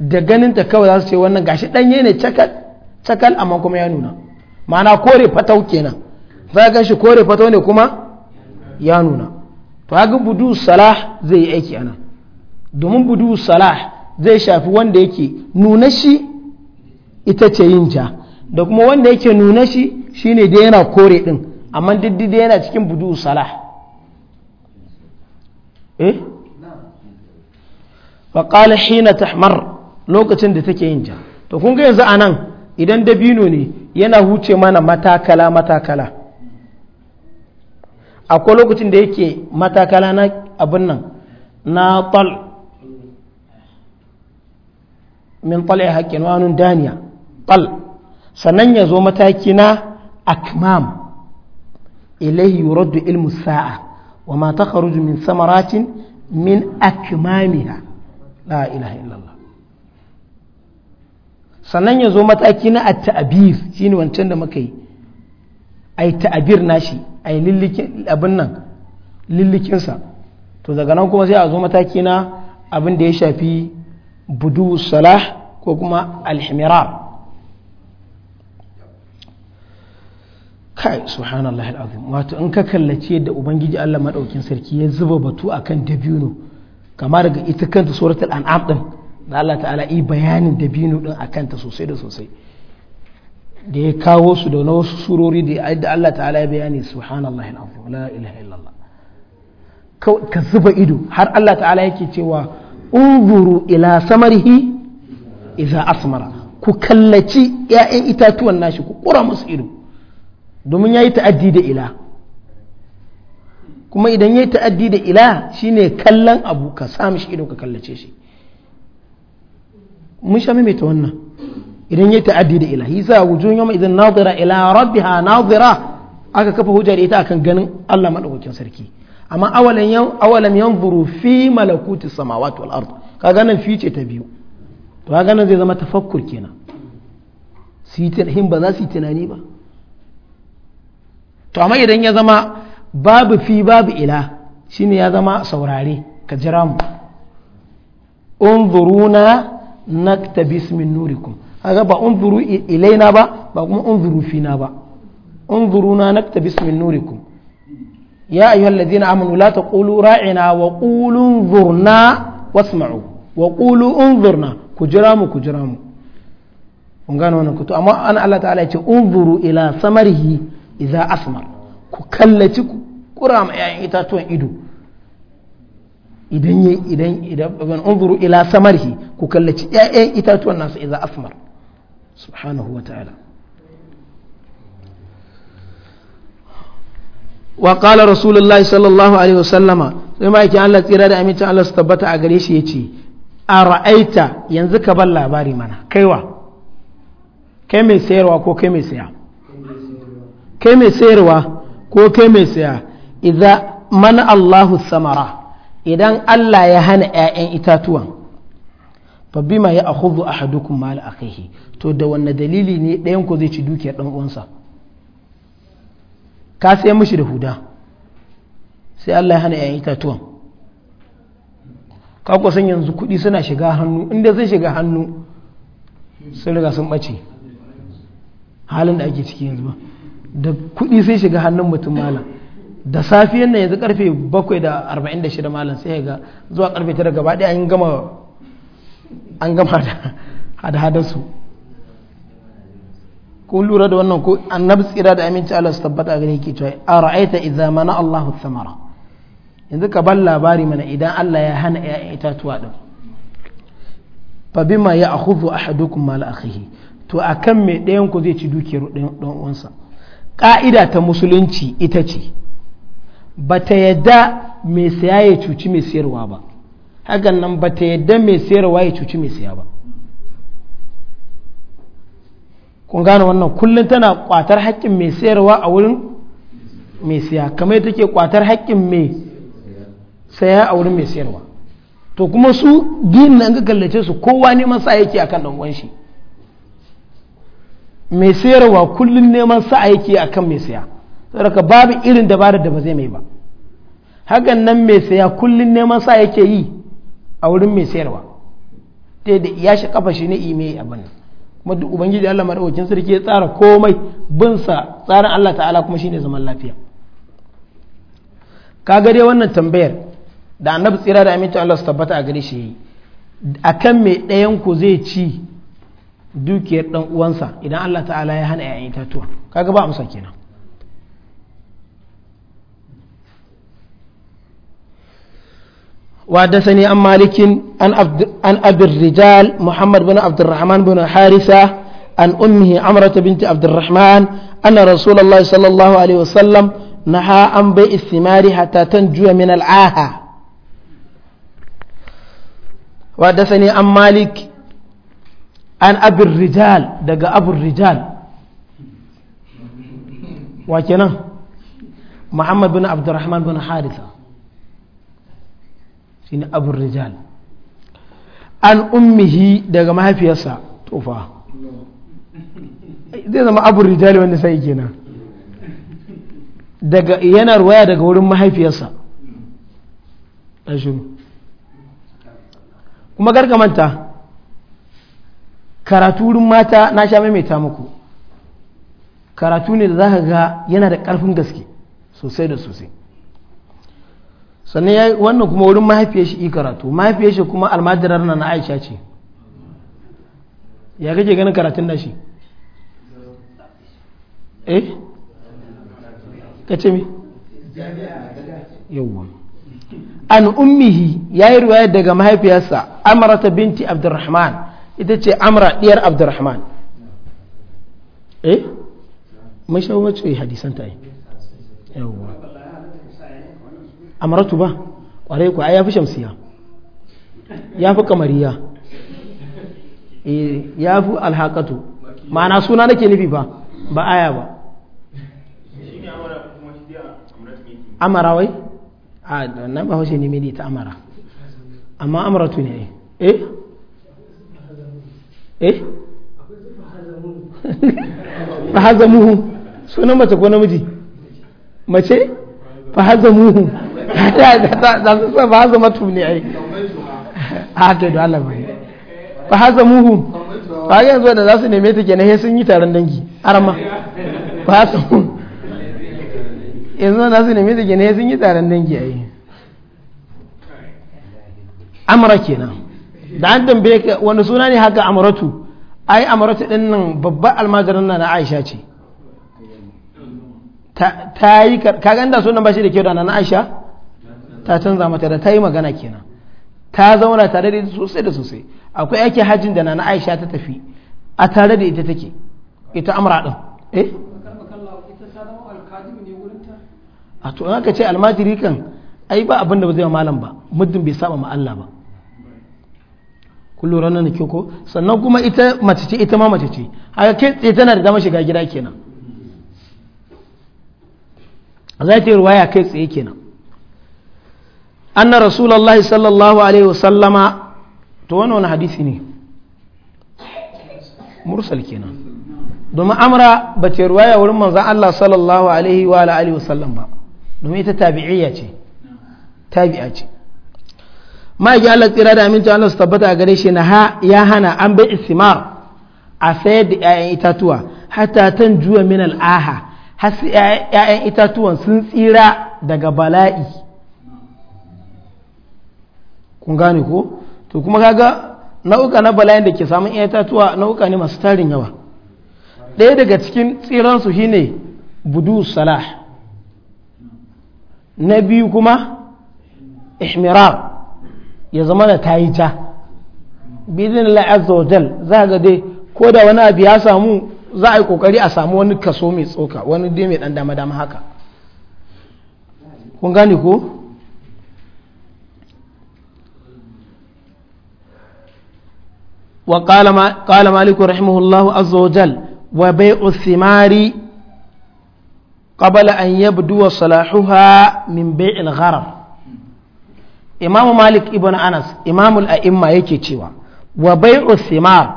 da ganin ta kawai za su ce wannan gashi ɗanye ne cakal cakal amma kuma ya nuna ma'ana kore fatau kenan za ka shi kore fatau ne kuma ya nuna to haka budu salah zai yi aiki ana domin budu salah zai shafi wanda yake nuna shi ita ce yin ja da kuma wanda yake nuna shi shine da yana kore din amma diddi da yana cikin budu salah eh فقال حين تحمر lokacin da take yin ta to kun ga yanzu a nan idan dabino ne yana huce mana matakala matakala akwai lokacin da yake matakala na abin nan na tal min tal ya haƙƙin wani daniya tal sannan ya zo mataki na akmam ilaihi yuraddu ilmu sa'a wa ma ta min samaratin min akmamiha la ilaha illallah sannan ya zo mataki na ta'abir shi ne wancan da muka yi a ai ta'abir nashi a yi abin nan lillikinsa to daga nan kuma sai a zo mataki na abin da ya shafi budu salah ko kuma al kai subhanallah alazim wato in ka kallace da ubangiji Allah maɗaukin sarki ya zuba batu akan dabino kama daga ita kanta suratul an'am din da Allah ta'ala yi bayanin binu din akan ta sosai da sosai da ya kawo su da wasu surori da Allah ta'ala ya bayani subhanallahi alazim la ilaha illallah ka zuba ido har Allah ta'ala yake cewa unzuru ila samarihi idza asmara ku kallaci ‘ya'yan itatuwan nashi ku ƙura musu ido domin yayi ta'addi da ila kuma idan yayi ta'addi da ila shine kallon abu ka sa shi ido ka kallace shi mun sha maimaita wannan idan ya ta'addi da ilahi sa wujun yawma idan nazira ila rabbiha nazira aka kafa hujja da ita akan ganin Allah madaukakin sarki amma awalan yan awalam yanzuru fi malakuti samawati wal ard kaga nan fi ce ta biyu to kaga nan zai zama tafakkur kenan su yi tunanin ba za su yi tunani ba to amma idan ya zama babu fi babu ila shine ya zama saurare ka jira mu unzuruna naktabis min nurikum aga ba unzuru ilaina ba ba kuma unzuru fina ba unzuru na naktabis min nurikum ya ayyuhal ladina amanu la taqulu ra'ina wa qulu unzurna wasma'u wa qulu unzurna ku jira mu ku jira mu kun gane wannan kuto amma an Allah ta'ala ya ce unzuru ila samarihi idza asmar ku kallaci ku kura ma 'ya'yan itatuwan ido idan ya idan idan unzuru ila samarhi ku kallaci ƴaƴan itatuwan nasu idza asmar subhanahu wa ta'ala wa qala rasulullahi sallallahu alaihi wasallama sai ma yake Allah tsira da amincin Allah su tabbata a gare shi yace a ra'aita yanzu ka bar labari mana kaiwa kai mai sayarwa ko kai mai saya kai mai sayarwa ko kai mai saya idza mana Allahu samara idan Allah ya hana 'ya'yan itatuwan fa bima ya hadukun ahadukum a kai to da wanne dalili ne ɗayan ku zai ci dukiyar ɗan uwansa ka sai mishi da huda sai Allah ya hana 'ya'yan itatuwan ka yanzu kuɗi suna shiga hannu inda zai shiga hannu sun riga sun ɓace halin da ake ciki yanzu ba da kuɗi sai shiga hannun mutum malam da safiyan nan yanzu karfe 7 da 46 malam sai ga zuwa karfe 9 gaba ɗaya an gama an gama <laughs> da hada-hadarsu ko lura da wannan ko annab tsira da aminci Allah su tabbata gani ke cewa a ra'aita idza mana Allahu thamara yanzu ka bar labari mana idan Allah ya hana ƴaƴan itatuwa din fa bima ya akhudhu ahadukum mal akhihi to akan me ɗayan ku zai ci dukiyar ɗan uwansa ka'ida ta musulunci ita ce ba ta yadda mai saya ya cuci mai sayarwa ba hakan nan ba ta yadda mai sayarwa ya cuci mai saya ba kun gane wannan kullum tana kwatar haƙƙin mai sayarwa a wurin mai saya kamar take kwatar haƙƙin mai saya a wurin mai sayarwa to kuma su din nan ga kallace su kowa neman sa yake akan dan uwan shi mai sayarwa kullum neman sa yake akan mai saya saboda babu irin dabarar da ba zai mai ba hakan nan mai saya kullun neman sa yake yi a wurin mai sayarwa ta da ya shi kafa shi ne ime bana kuma duk ubangiji Allah madaukakin sarki ya tsara komai bin sa tsarin Allah ta'ala kuma shine zaman lafiya ka gare wannan tambayar da annabi tsira da amintu Allah su tabbata a gare shi akan mai ɗayan ku zai ci dukiyar ɗan uwansa idan Allah ta'ala ya hana 'ya'yan itatuwa kaga ba amsa kenan وحدثني عن مالك عن عبد عن ابي الرجال محمد بن عبد الرحمن بن حارثه عن امه عمره بنت عبد الرحمن ان رسول الله صلى الله عليه وسلم نهى عن بيع الثمار حتى تنجو من العاهه وحدثني عن مالك عن ابي الرجال دق ابو الرجال وكنا محمد بن عبد الرحمن بن حارثه shine abin rijal an ummihi daga mahaifiyarsa tofa zai zama abin rijal wanda sai kenan daga yana ruwaya daga wurin mahaifiyarsa shiru kuma gargamanta karatu wurin mata na sha maimaita muku karatu ne da za ka ga yana da ƙarfin gaske sosai da sosai sannan ya wannan kuma wurin mahaifiyar shi karatu mahaifiyar shi kuma almajirar na na aisha ce ya kake ganin karatun nashi eh ka ce mi yawon an ummihi ya yi ruwaye daga mahaifiyarsa amrata binti abdurrahman ita ce amra ɗiyar abdurrahman eh mun shawo hadisan ta yi yawon amaratu ba ƙwarai kuwa ya fi shamsiya ya fi kamariya eh, ya fi alhakatu ma'ana suna nake nufi ba ba aya ba amara wai a nan ba hausa ne mai ta amara amma amaratu ne eh. eh eh fahazamuhu sunan mace ko namiji mace fahazamuhu za su sa ba zama tuni ai a kai da Allah bai ba haza muhu ba ga yanzu da za su neme ta kenan sai sun yi taron dangi arma ba su yanzu da su neme ta kenan sai sun yi taron dangi ai amra kenan da an tambaye ka wani suna ne haka amaratu ai amaratu din nan babbar almajirin na Aisha ce ta yi ka ganda sunan ba shi da kyau da na Aisha ta canza mata da ta yi magana kenan ta zauna tare da ita sosai da sosai akwai yake hajjin da na aisha ta tafi a tare da ita take ita amra din eh a to an aka ce almajiri kan ai ba abin da ba zai wa malam ba muddin bai saba ma Allah ba kun lura nan ke ko sannan kuma ita mace ce ita ma mace ce haka ke tsaye tana da dama shiga gida kenan zai ta yi ruwaya kai tsaye kenan anna rasulullahi sallallahu alaihi wasallama to wani wani hadisi ne mursal kenan domin amra ba ce ruwaya wurin manzan Allah sallallahu alaihi wa alihi wasallam ba domin ita tabi'iyya ce tabi'a ce ma'aikin Allah tsira da aminta Allah su tabbata a gare shi na ha ya hana an bai istimar a sayar da 'ya'yan itatuwa hatta tan juwa min al'aha har 'ya'yan itatuwan sun tsira daga bala'i kun gane ko to kuma kaga nau'uka na bala'in da ke samun iya tatuwa nau'uka ne masu tarin yawa ɗaya daga cikin tsiransu shine budu salah na biyu kuma ihmirar ya zama da ta yi ja bidin la'azawajal za ga dai ko da wani abu ya samu za a yi kokari a samu wani kaso mai tsoka wani dai mai dan dama dama haka kun gane ko وقال ما قال مالك رحمه الله عز وجل وبيع الثمار قبل أن يبدو صلاحها من بيع الغرر إمام مالك ابن أنس إمام الأئمة yake cewa wa bai'u thimar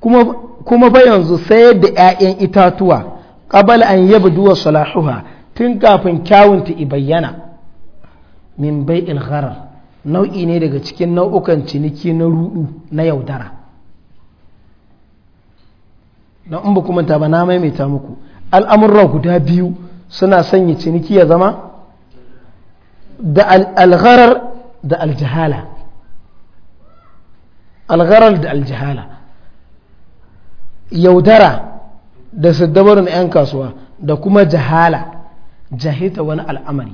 kuma kuma ba yanzu sayar da 'ya'yan itatuwa qabala an yabduwa salahuha tun kafin kyawunta ibayyana min bai'il gharar nau'i ne daga cikin nau'ukan ciniki na ruɗu na yaudara na in ba kuma ta ba na maimaita muku al'amurra guda biyu suna sanya ciniki ya zama da algharar da aljihala algharar da aljihala yaudara da saddabarin 'yan kasuwa da kuma jahala jahita wani al'amari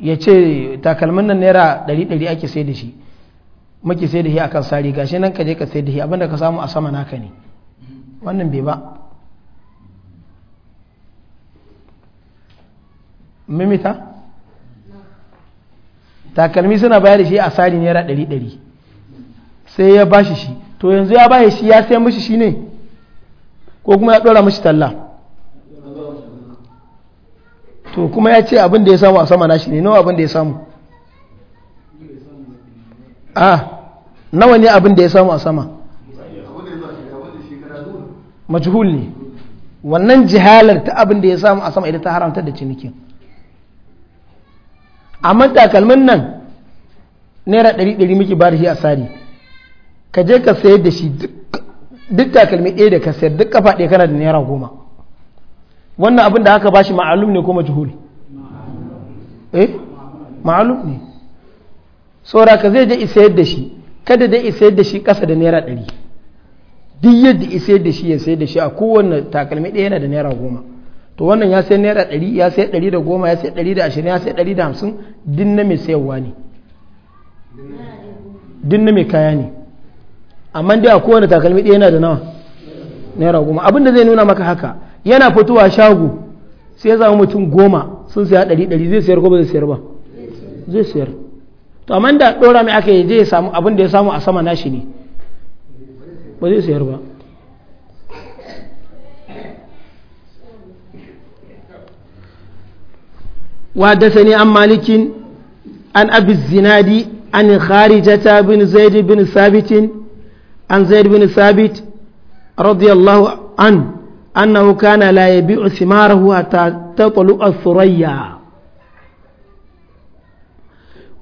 ya ce takalmin nan naira 100 ake sai da shi muke sai da shi akan sari gashi nan ka je ka sai da shi abinda ka samu a sama naka ne wannan bai ba mimita takalmi suna bayar da shi a sari naira ɗari ɗari sai ya bashi shi to yanzu ya bashi shi ya sai mishi shi ne ko kuma ya ɗora mishi talla to kuma ya ce abin da ya samu a sama nashi ne nawa abin da ya samu a ah, nawa ne abin da ya samu a sama majhul ne wannan jihalar ta abin da ya samu a sama idan ta haramta da cinikin amma takalmin nan naira ɗari ɗari miki ba da shi a sari ka je ka sayar da shi duk takalmi ɗaya da ka sayar duk kafa ɗaya kana da naira goma wannan abin da haka ba shi ma'alum ne ko majhul eh ma'alum ne saura ka zai je isayar da shi kada dai isayar da shi kasa da naira ɗari duk yadda isayar da shi ya sayar da shi a kowanne takalmi ɗaya yana da naira goma to wannan ya sai naira ɗari ya sai ɗari da goma ya sai ɗari da ashirin ya sai ɗari da hamsin duk na mai sayarwa ne duk na mai kaya ne amma dai a kowane takalmi ɗaya yana da nawa naira goma abin da zai nuna maka haka yana fitowa shago sai ya zama mutum goma sun saya ɗari ɗari zai sayar ko ba zai sayar ba zai sayar to amma da dora mai aka yi zai samu abin da ya samu a sama nashi ne ba zai ba wadda sani an malikin an abi zinadi an kharijata bin zaid bin sabitin an zaid bin sabit radiyallahu an annahu kana la yabi'u thimarahu hatta taqlu as-surayya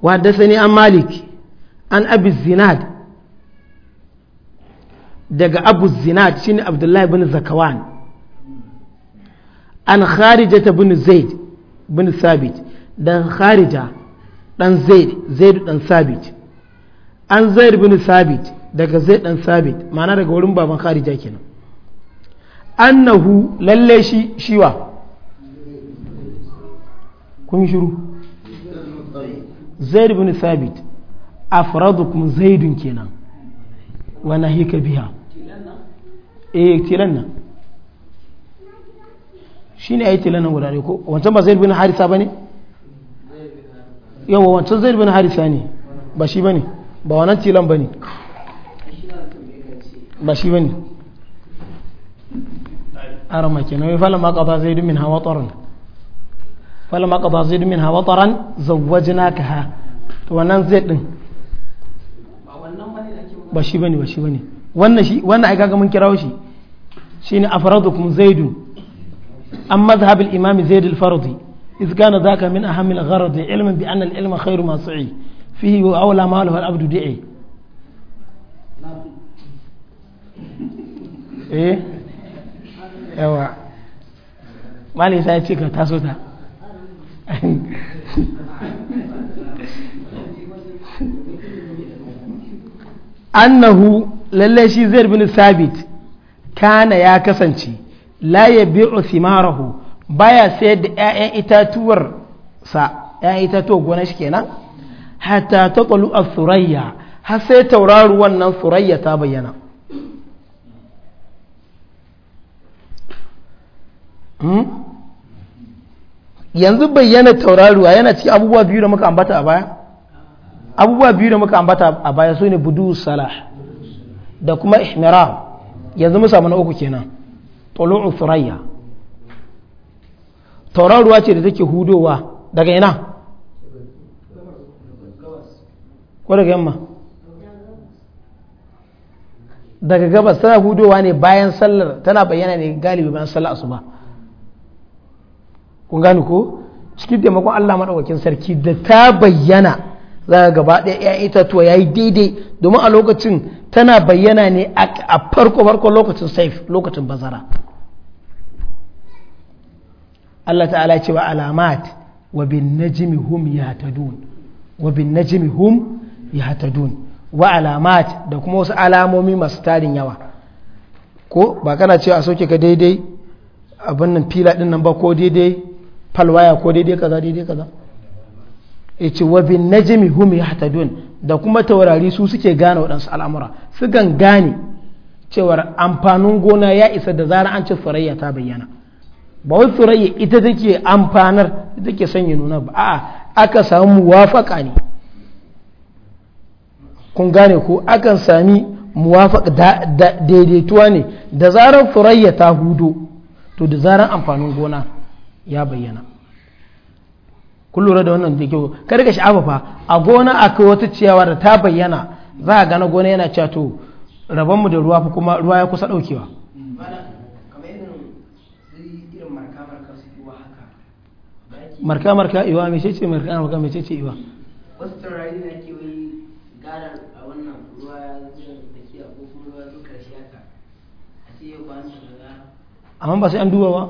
وحدثني عن مالك عن أبي الزناد دق أبو الزناد شين عبد الله بن زكوان عن خارجة بن زيد بن ثابت دان خارجة دان زيد زيد دان ثابت عن زيد بن ثابت دق زيد دان ثابت معنى دق ورن بابا خارجة كنا أنه للي شي شيوا kun شروع zaid bin Sabit afradukum zaidun kenan wa nahika biha eh shine ai gurare ko wancan ba zaid harisa bane yawa wancan zaid harisa ne ba shi bane ba wannan tilan bane ba shi bane kenan hawa falamma qada zaid minha wataran zawwajnakaha to wannan zaid din ba shi bane ba shi bane wannan shi wannan ai kaga mun kirawo shi shine afradukum zaidun an madhhab al-imam zaid al-fardi إذ كان ذاك من أهم الغرض علما بأن العلم خير ما سعي فيه وأولى ما له العبد دعي إيه يوا ما لي سايتشيكا annahu lalle shi zaid bin sabit kana ya kasance la bi'u thimarahu baya sayar da ƴaƴan itatuwar sa ƴaƴan itatuwar gona shi kenan hatta taqalu as-surayya har sai tauraru wannan surayya ta bayyana hmm? yanzu bayyana tauraruwa yana cikin abubuwa biyu da muka ambata a baya abubuwa biyu da muka ambata a baya su ne budu salah da kuma ihmira yanzu musa mana uku kenan tulu'u tauran tauraruwa ce da take hudowa daga ina ko daga yamma daga gabas tana hudowa ne bayan sallar tana bayyana ne galibi bayan sallar ba kun gani ko cikin taimakon Allah maɗaukakin sarki da ta bayyana za a gaba ɗaya 'ya'yan itatuwa ya yi daidai domin a lokacin tana bayyana ne a farko farko lokacin saif lokacin bazara Allah ta'ala ce wa alamat wa bin jimi hum ya yahtadun wa bin jimi hum ya yahtadun wa alamat da kuma wasu alamomi masu tarin yawa ko ba kana cewa a soke ka daidai abin nan fila ɗinnan ba ko daidai falwaya ko daidai kaza daidai kaza yace wa bin najmi hum yahtadun da kuma taurari su suke gane waɗansu al'amura su gane cewar amfanin gona ya isa da zarar an ce furayya ta bayyana ba wai furayya ita take amfanar take sanya nuna ba a'a aka samu muwafaka ne kun gane ko akan sami muwafaka daidaituwa ne da zarar furayya ta hudo to da zarar amfanin gona ya bayyana kun lura da wannan da kyau kar ka sha'afa fa a gona akwai wata ciyawa da ta bayyana za a gana gona yana cewa to rabon mu da ruwa fa kuma ruwa ya kusa daukewa marka marka iwa me ce ce marka marka me ce ce iwa wasu tarayi na ke wani gara a wannan ruwa zuwa da ke a kofin ruwa zuwa karshe haka a ce ya kwanan amma ba sai an duba ba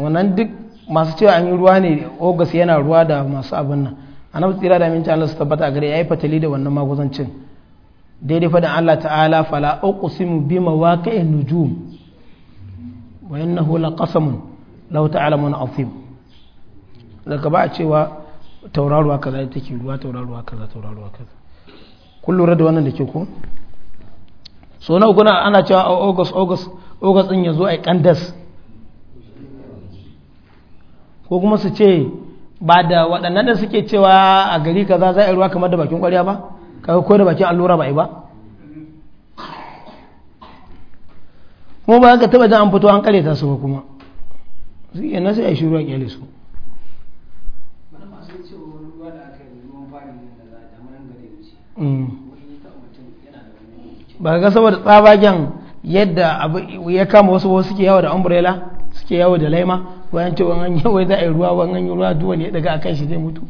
wannan duk masu cewa an yi ruwa ne ogas yana ruwa da masu abin nan annabi tsira da minci Allah su tabbata a gare yi fatali da wannan maguzancin daidai fadin Allah ta'ala fala uqsimu bima waqi'in nujum wa innahu laqasamun law ta'lamun azim daga ba a cewa tauraruwa kaza take ruwa tauraruwa kaza tauraruwa kaza kun lura da wannan da ke ko so na kuna ana cewa a oh, august august august din ya zo a kandas ko kuma su ce ba da waɗannan da suke cewa a gari kaza za a ruwa kamar da bakin ƙwarya ba kaga ko da bakin allura ba ba kuma ba ka taba jan an fito an kare ta su ba kuma su yi nasu ya shiru a kyale su hmm. ba ga saboda tsabagen yadda ya kama wasu wasu suke yawa da umbrella suke yawo da laima bayan ce wani wai za a yi ruwa wani yi ruwa duwani ya daga akan shi zai mutu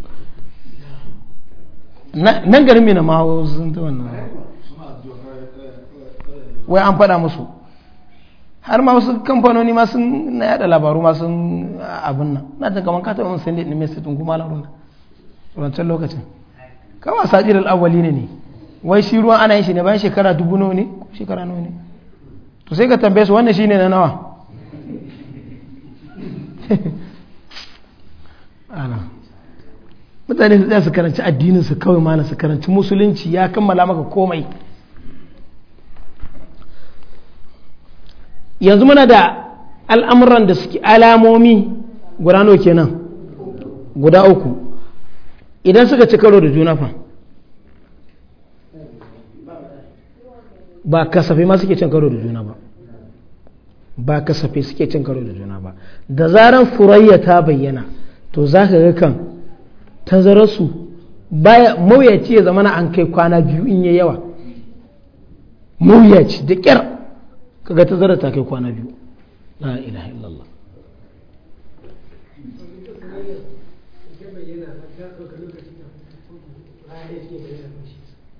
nan garin mai na mawa sun ta wannan wai an faɗa musu har ma wasu kamfanoni ma sun na yada labaru ma sun abin nan na ta kaman kata wani sanda ɗin mai sitin kuma laruna wancan lokacin kama sajir al'awali ne ne wai shi ruwan ana yin shi ne bayan shekara dubu nawa ne ko shekara nawa ne to sai ka tambaye su wannan shi ne na nawa <laughs> mutane su su karanci addinin su kawai mana su karanci musulunci ya kammala maka komai yanzu muna da al'amuran da suke alamomi guda nawa kenan guda uku idan suka ci karo da juna fa ba kasafi ma suke cin karo da juna ba ba kasafai suke cin karo da juna ba da zaran furayya ta bayyana to za ka ga kan tazararsu baya mawuyaci ya zama na an kai kwana biyu in ya yawa mawuyaci da ƙyar kaga tazarar ta kai kwana biyu la ilaha illallah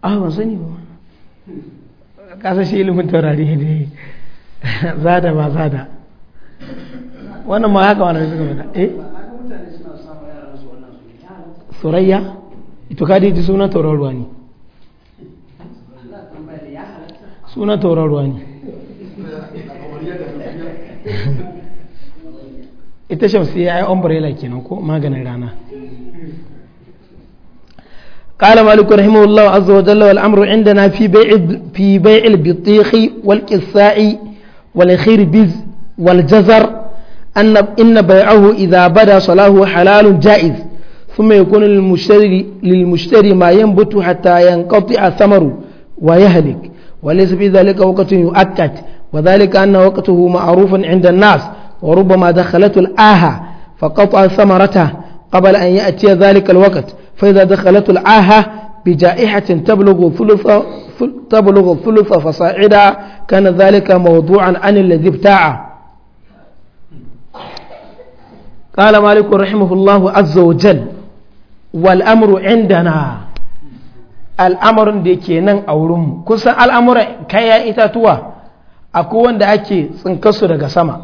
a ah, ba sani ba kasa ilimin taurari ne zada ba zada wannan ma haka wannan suka fada eh suraya ito ka ji suna tauraruwa ne suna tauraruwa ne ita shamsi ya yi umbrella kenan ko maganin rana قال مالك رحمه الله عز وجل والأمر عندنا في بيع في بيع البطيخ والقصاء والخير بز والجزر أن إن بيعه إذا بدا صلاه حلال جائز ثم يكون للمشتري, للمشتري ما ينبت حتى ينقطع ثمره ويهلك وليس في ذلك وقت يؤكد وذلك أن وقته معروف عند الناس وربما دخلته الآهة فقطع ثمرته قبل أن يأتي ذلك الوقت فإذا دخلته الآهة بجائحة تبلغ ثلث تبلغ الثلث فصاعدا كان ذلك موضوعا عن الذي ابتاع قال مالك رحمه الله عز وجل والأمر عندنا الأمر دي كينان أورم كسا الأمر كيا إتاتوا أكوان دا أكي سنكسو دا سما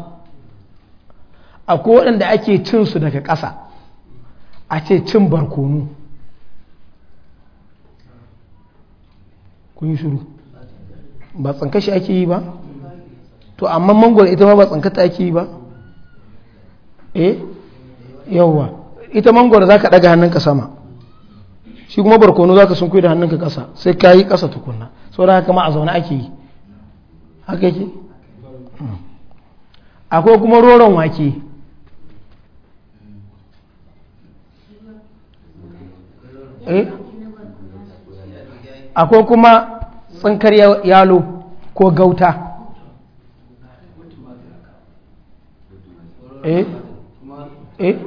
أكوان دا أكي تنسو دا كسا أكي تنبر كونو kun yi shuru ba tsanka shi ake yi ba to amma mangwaro ita ma ba tsankata ake yi ba eh yawwa ita mangwaro za ka ɗaga hannunka sama shi kuma barkono za ka sun da hannunka ƙasa sai ka yi ƙasa tukunna da haka ma a zaune ake yi haka yake hmm. akwai kuma roron wake eh akwai kuma tsinkar yalo ko gauta eh eh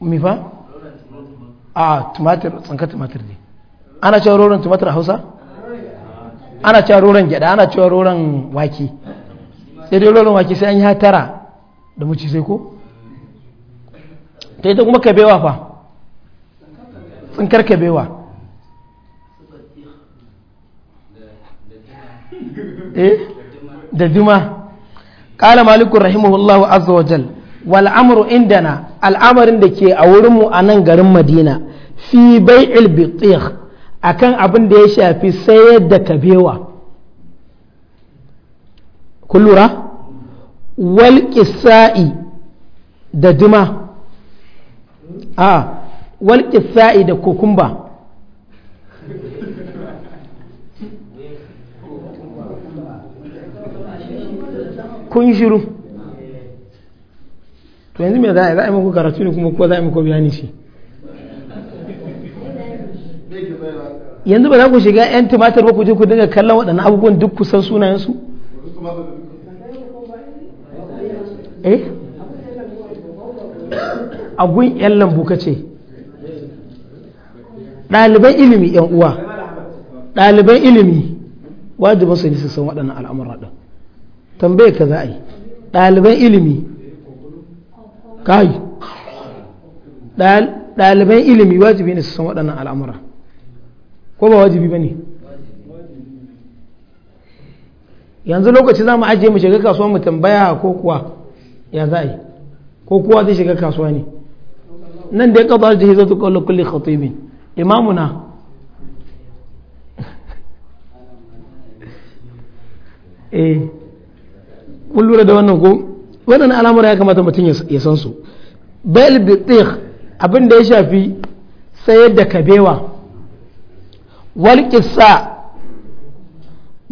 mifa a tumatir tsinkar tumatir ne ana cewa roron tumatir hausa ana cewa roron gyada ana cewa roron wake sai dai roron wake sai an yi hatara da muci sai ko ta ta kuma kabewa fa tsinkar kabewa Eh, da juma ƙala malikun rahimahullahu azza wa jal wal amru indana al'amarin da ke a wurinmu a nan garin madina fi bai'il a akan abin da ya shafi sayar da kabewa kun lura wal kisa'i da duma a wal kisa'i da kokumba kun yi shiru to yanzu mai za'a yi yi muku karatu ne kuma ko za'a yi muku bayani shi yanzu ba za ku shiga 'yan tumatir ba ku je ku dinga kallon waɗannan abubuwan duk kusan sunayensu eh agun 'yan lambu ka ce ɗaliban ilimi 'yan uwa ɗaliban ilimi wajibin su ne su san waɗannan al'amura ɗin tambaye ka za a yi ɗaliban ilimi kai ɗaliban ilimi wajibi ne su san waɗannan al'amura ko ba wajibi ba ne yanzu lokaci za mu ajiye mu shiga kasuwa mu tambaya ko kuwa ya za a yi ko kuwa zai shiga kasuwa ne nan da ya kaba da hizatu tukar kulle khatibin imamuna <laughs> eh kun lura da wannan ko wannan al'amura ya kamata mutum ya san su bel bitir abin da ya shafi sayar da kabewa wal kissa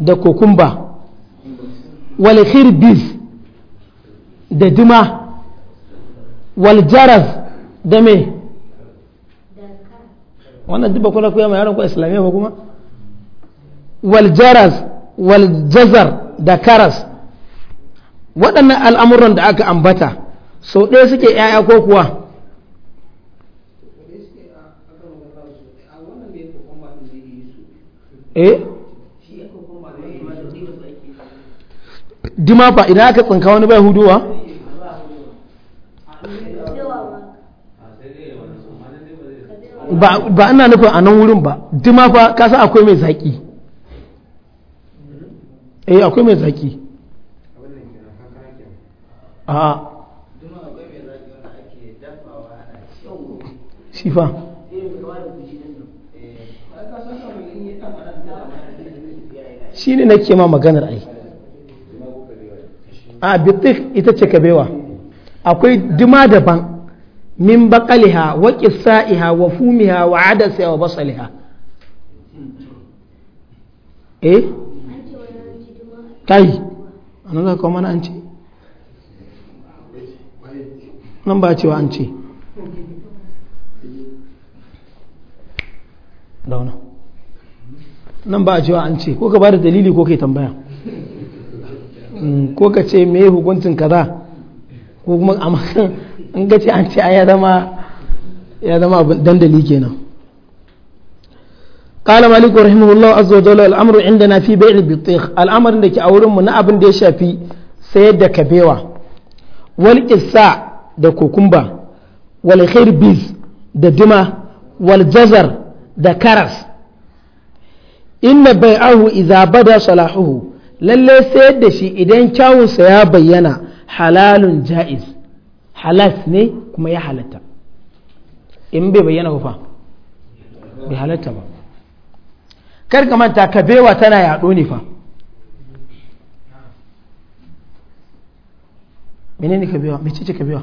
da kokumba wal da dima wal da me wannan duba bakuna kuya mai yaron ko islamiyya ba kuma wal waljazar wal jazar da karas waɗannan al'amuran da aka ambata sau ɗaya suke ‘ya'ya ko kuwa dimafa eh? dima ba idan aka tsinka wani bai huduwa ba ina nufin a nan wurin ba dima kasa akwai mai zaki eh akwai mai zaki. a shi fa shi ne nake ma maganar ai a bitik ita ce bewa akwai dima daban min bakaliha wa qissaiha wa fumiha wa adasiha wa basaliha eh kai anu za ka mana an ce nan ba cewa an ce dauna nan ba cewa an ce ko ka ba da dalili ko ka yi tambaya mm, ko ka ce me hukuncin kaza ko kuma an <laughs> ga ce an ce ya zama ya zama dandali kenan قال مالك رحمه الله عز وجل الامر عندنا في بيع البطيخ الامر da ke a wurin mu na abin da ya da kokumba wal khair da dima wal jazar da karas inna bai'ahu idza bada salahuhu lalle sai da shi idan kyawunsa ya bayyana halalun ja'iz halas ne kuma ya halatta in bai bayyana fa bai halatta ba kar ka manta ka bewa tana yaɗo ne fa menene ka kabewa mecece bewa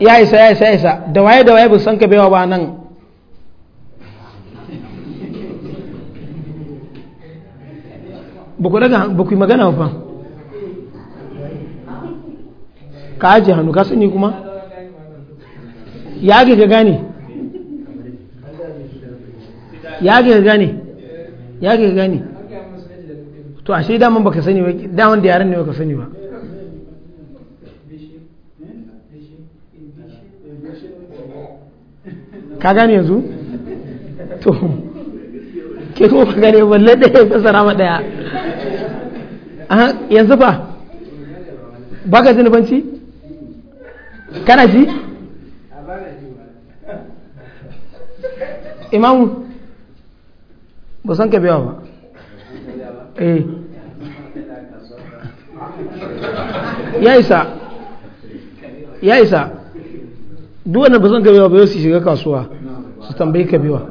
ya isa ya isa ya isa da waye da waye bu san kabewa ba nan buku daga buku magana ba ka ajiye hannu ka sani kuma ya ga gane ya ga gane ya ga gane to ashe daman baka sani ba daman da yaran ne baka sani ba ka gane yanzu to ke kuma ka gane balle ya fasara ma ɗaya yanzu fa baka jin banci kana ji imamu ba san ka biya ba eh ya isa ya isa duk wannan ba zan gabewa ba su shiga kasuwa su tambayi kabewa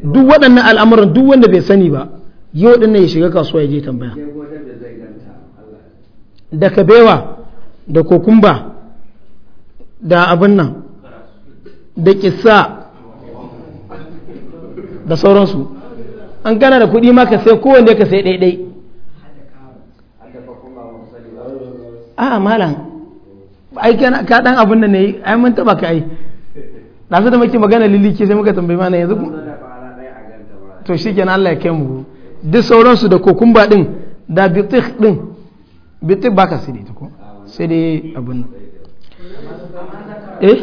duk waɗannan al'amuran duk wanda bai sani ba yau ɗin ya shiga kasuwa ya je tambaya da kabewa da kokumba da abin nan da kissa da sauransu an gana da kuɗi ka sai kowanne ka sai ɗaiɗai a malam ai ka dan abin da ne ai mun taba ka ai su da muke magana lilike sai muka tambayi mana yanzu to shi kenan Allah ya kai mu duk sauransu da kokumba din da bitik din bitik baka sai dai ko sai dai abin nan eh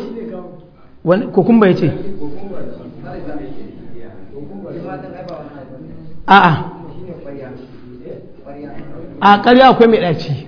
wani kokumba ya ce a'a a ƙarya akwai mai ɗaci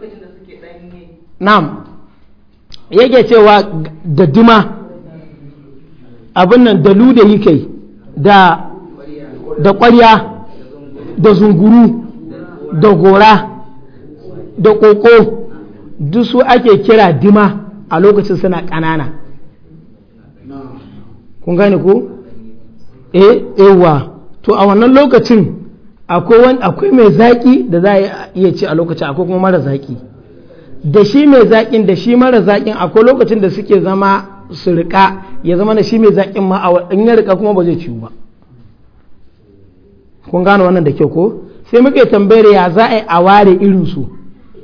lokacin na'am yake cewa da duma abin nan da lude yake da da ƙwarya da zunguru da gora da ƙoƙo duk su ake kira dima a lokacin suna ƙanana kun gane ku eh ewa to a wannan lokacin akwai mai zaƙi da za a iya ci a lokacin akwai kuma mara zaƙi da shi mai zaƙin da shi mara zaƙin akwai lokacin da suke zama su riƙa ya zama da shi mai zaƙin ma a in ya riƙa kuma ba zai ciwu ba kun gane wannan da kyau ko sai muke tambayar ya za a yi a ware irinsu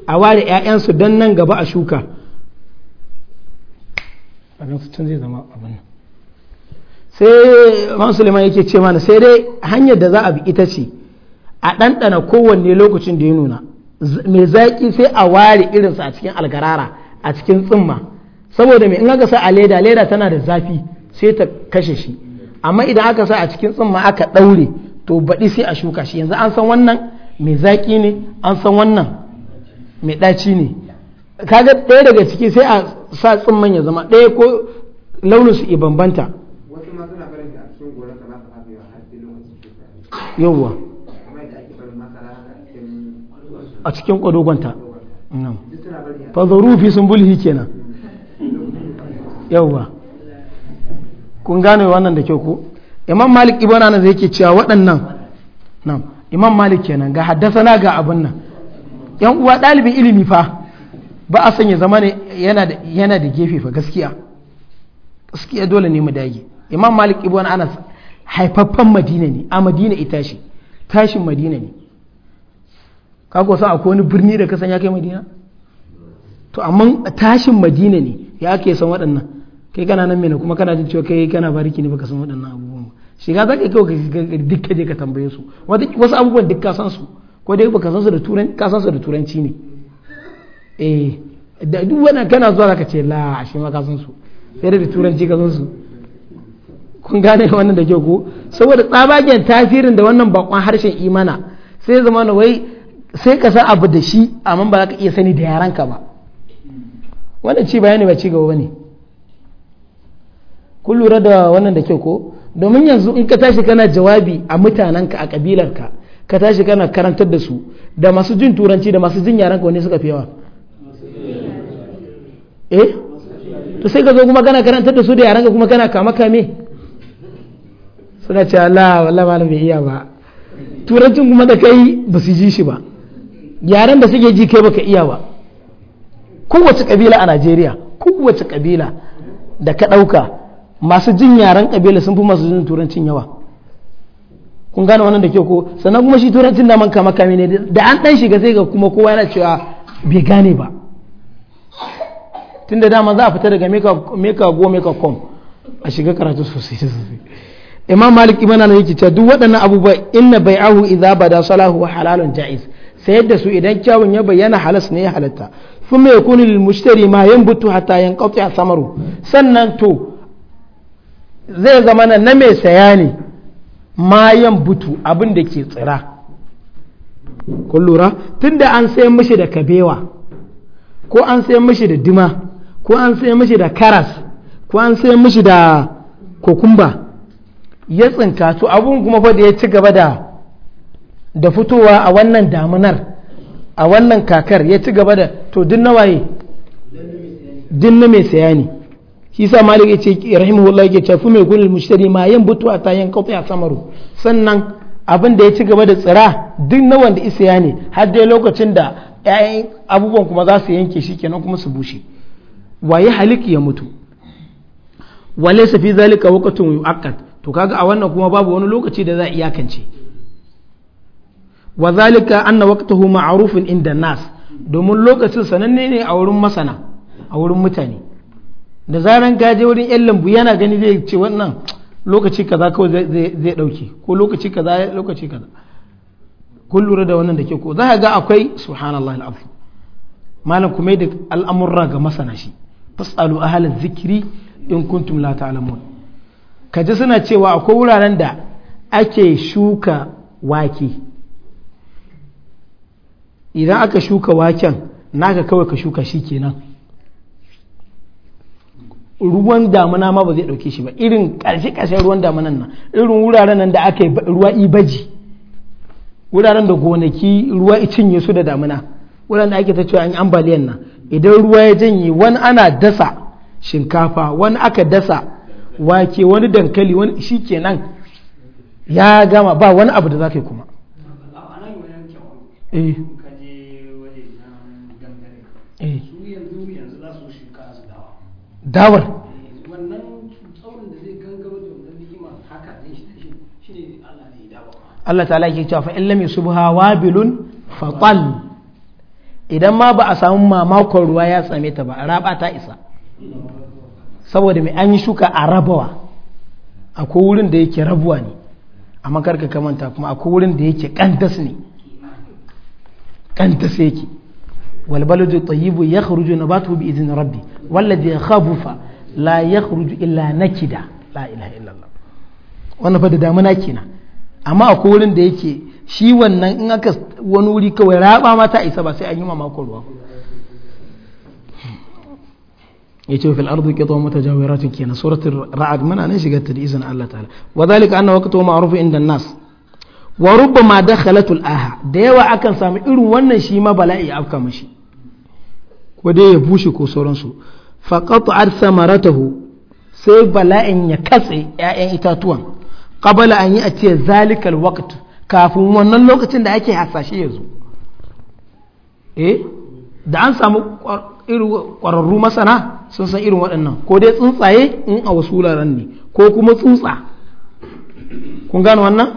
a ware 'ya'yansu don nan gaba a shuka sai man suleiman yake ce mana sai dai hanyar da za a bi ita ce a ɗanɗana kowanne lokacin da ya nuna mai zaƙi sai a ware irinsa a cikin algarara a cikin tsumma saboda mai in aka sa a leda leda tana da zafi sai ta kashe shi amma idan aka sa a cikin tsumma aka ɗaure to baɗi sai a shuka shi yanzu an san wannan mai zaƙi ne an san wannan mai ɗaci ne kaga ɗaya daga ciki sai a sa tsumman ya zama ɗaya ko launin su bambanta a cikin kwadogonta fa sun bulhi kenan yauwa kun gane wannan da kyau ku imam malik na zai ke cewa waɗannan nan imam malik kenan ga haddasa na ga abin nan yan uwa ɗalibin ilimi fa ba a sanya zama ne yana da gefe fa gaskiya gaskiya dole ne mu dage imam malik na na haifaffen madina ne a madina ita shi tashin madina ne ka ko san akwai wani birni da san ya kai madina to amma tashin madina ne ya ke san waɗannan kai kana nan mena kuma kana jin cewa kai kana bariki ne baka san waɗannan abubuwan ba shiga za ka kai duk ka je ka tambaye su wasu abubuwan duk ka san su ko dai baka san su da turanci ka san su da turanci ne eh da duk wani kana zuwa zaka ce la ashe ma ka san su sai da turanci ka san su kun gane wannan da kyau ko saboda tsabagen tasirin da wannan bakon harshen imana sai zama na wai sai ka san abu da shi amma ba za ka iya sani da yaranka ba wannan ci bayani ba ci gaba ne ku lura da wannan da kyau ko domin yanzu in ka tashi kana jawabi a mutanenka a kabilarka ka tashi kana karantar da su da masu jin turanci da masu jin yaranka wani suka fi yawa eh to sai ka zo kuma kana karantar da su da yaranka kuma kana kama kame suna ce Allah wallahi malam bai iya ba turancin kuma da kai ba su ji shi ba yaren da suke ji kai baka iya ba kowace kabila a najeriya kowace kabila da ka ɗauka masu jin yaren kabila sun fi masu jin turancin yawa kun gane wannan da ke ko sannan kuma shi turancin man kama kame ne da an ɗan shiga sai ga kuma kowa yana cewa bai gane ba tun da dama za a fita daga meka go meka com a shiga karatu sosai sosai imam malik ibn ne yake cewa duk waɗannan abubuwa inna bai'ahu idza bada salahu wa halalun ja'iz sayar da su idan kyawun ya bayyana halas ne ya halatta sun mai kuni mushtari ma yin butu hatta yin a samaru sannan to zai zama na mai saya ne ma yin butu abin da ke tsira kun tunda an sai mishi da kabewa ko an sayan mishi da dima ko an sayan mishi da karas ko an sayan mishi da kokumba ya tsinka to abun kuma fa da ya ci gaba da da fitowa a wannan damunar a wannan kakar ya ci gaba da to din na waye din na mai saya ne shi sa malik ya ce rahimahullah ya ce mai gunil mushtari ma yin butu a tayin kaufi a samaru sannan abin da ya ci gaba da tsira duk na wanda isa ne har dai lokacin da ƴaƴan abubuwan kuma za su yanke shi kenan kuma su bushe waye halik ya mutu wale safi zalika waqtun yu'aqqad to kaga a wannan kuma babu wani lokaci da za a iyakance wa zalika anna waqtahu ma'rufun inda nas domin lokacin sananne ne a wurin masana a wurin mutane da zaran ka je wurin yan lambu yana gani zai ce wannan lokaci kaza kawai zai dauke ko lokaci kaza lokaci kaza kun lura da wannan da ke ko za ka ga akwai subhanallah al'azim malam kuma da al'amurra ga masana shi fasalu ahalan zikiri in kuntum la ta'lamun Kaje suna cewa akwai wuraren da ake shuka wake idan aka shuka waken naka kawai ka shuka shi kenan ruwan damuna ma ba zai dauke shi ba irin karshe karshen ruwan damunan nan irin wuraren nan da aka yi ruwa ibaji wuraren da gonaki ruwa cinye su da damuna wuraren da ake ta cewa an yi ambaliyan nan idan ruwa ya janye wani ana dasa shinkafa wani aka dasa wake wani dankali wani shi kenan ya gama ba wani abu da za ka yi kuma eh Eh. dawar eh, Allah ta ta'ala yake cewa fa in lam yusubha wabilun faqal idan ma ba a samu mamakon ruwa ya tsame ta ba a raba ta isa saboda mai an yi shuka a rabawa akwai wurin da yake rabuwa ne amma karka kamanta kuma akwai wurin da yake kantas ne kantas yake والبلد الطيب يخرج نباته بإذن ربي والذي خبث لا يخرج إلا نكدا لا إله إلا الله wannan fa da damuna kenan amma a wurin da yake shi wannan in aka wani wuri kawai raba mata isa ba sai an yi mamako ruwa ya ce fil ardu qitwa mutajawiratin kenan suratul ra'd muna nan shiga ta izin Allah ta'ala wa zalika anna waqtu ma'ruf inda nas wa rubbama dakhalat al aha da yawa akan samu irin wannan shi ma bala'i afka mashi ko dai ya bushe ko sauransu fa ar samaratahu sai bala'in ya katse 'ya'yan itatuwan qabala an yi a ce zalikal waqt kafin wannan lokacin da ake hasashe ya zo eh da an samu irin ƙwararru masana sun san irin waɗannan ko dai tsuntsaye in a wasu wuraren ne ko kuma tsuntsa kun gano wannan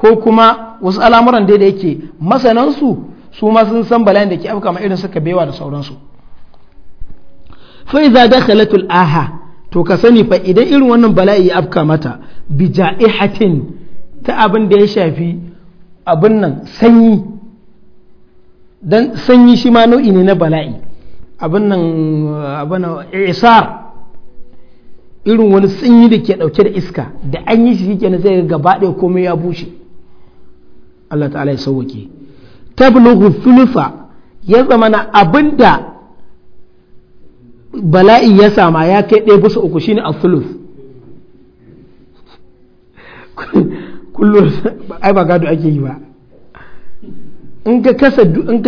ko kuma wasu al'amuran dai da yake masanansu su ma sun san bala'in da ke afka ma irin suka bewa da sauransu fa iza dakhalatul aha to ka sani fa idan irin wannan bala'i ya afka mata bi ja'ihatin ta abin da ya shafi abin nan sanyi dan sanyi shi ma nau'i ne na bala'i abin nan isar irin wani sanyi da ke dauke da iska da an yi shi na zai gaba ɗaya komai ya bushe Allah ta'ala ya sauke tablughu thulutha ya zamana abinda bala'i ya sama ya kai ɗaya bisa uku shine al-thuluth ai ba gado ake yi ba in ka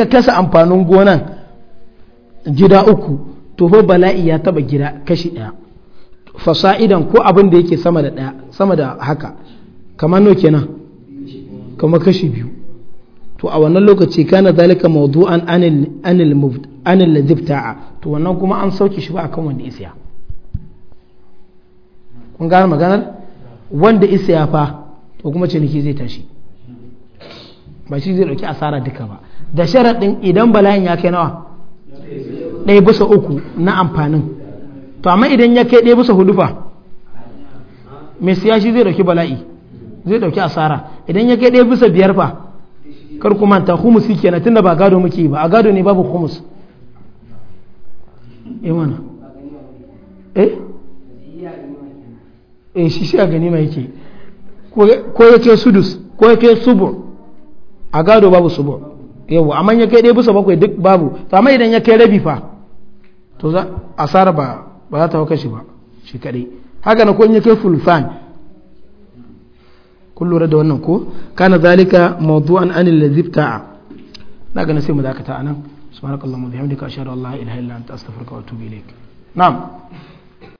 kasa amfanin gonan gida uku to fa bala'i ya taba gida kashi ɗaya fasa'idan ko abin da yake sama da ɗaya sama da haka kamar no kenan kamar kashi biyu to a wannan lokaci kana dalika mawdu'an anil anil mubd anil ladibta'a to wannan kuma an sauke shi ba akan wanda isiya kun gane maganar wanda isiya fa to kuma ciniki zai tashi ba shi zai dauki asara duka ba da sharadin idan bala'in ya kai nawa ɗaya bisa uku na amfanin to amma idan ya kai ɗaya bisa hudu fa mai siya shi zai dauki bala'i zai dauki asara idan ya kai ɗaya bisa biyar fa kar ku manta humus kenan tunda ba gado muke ba a gado ne babu humus eh mana eh eh shi shi a gani mai yake ko ya kai sudus ko ya kai subur a gado babu subur yawa amma ya kai ɗaya bisa bakwai duk babu to amma idan ya kai rabi fa to za asara ba ba za ta hau kashi ba shi kaɗai haka na ko in ya kai fulfan كل رد ونكو كان ذلك موضوعا عن الذي بتاع لا كان سيما ذاك تاعنا سبحانك اللهم وبحمدك اشهد ان لا اله الا انت استغفرك واتوب اليك نعم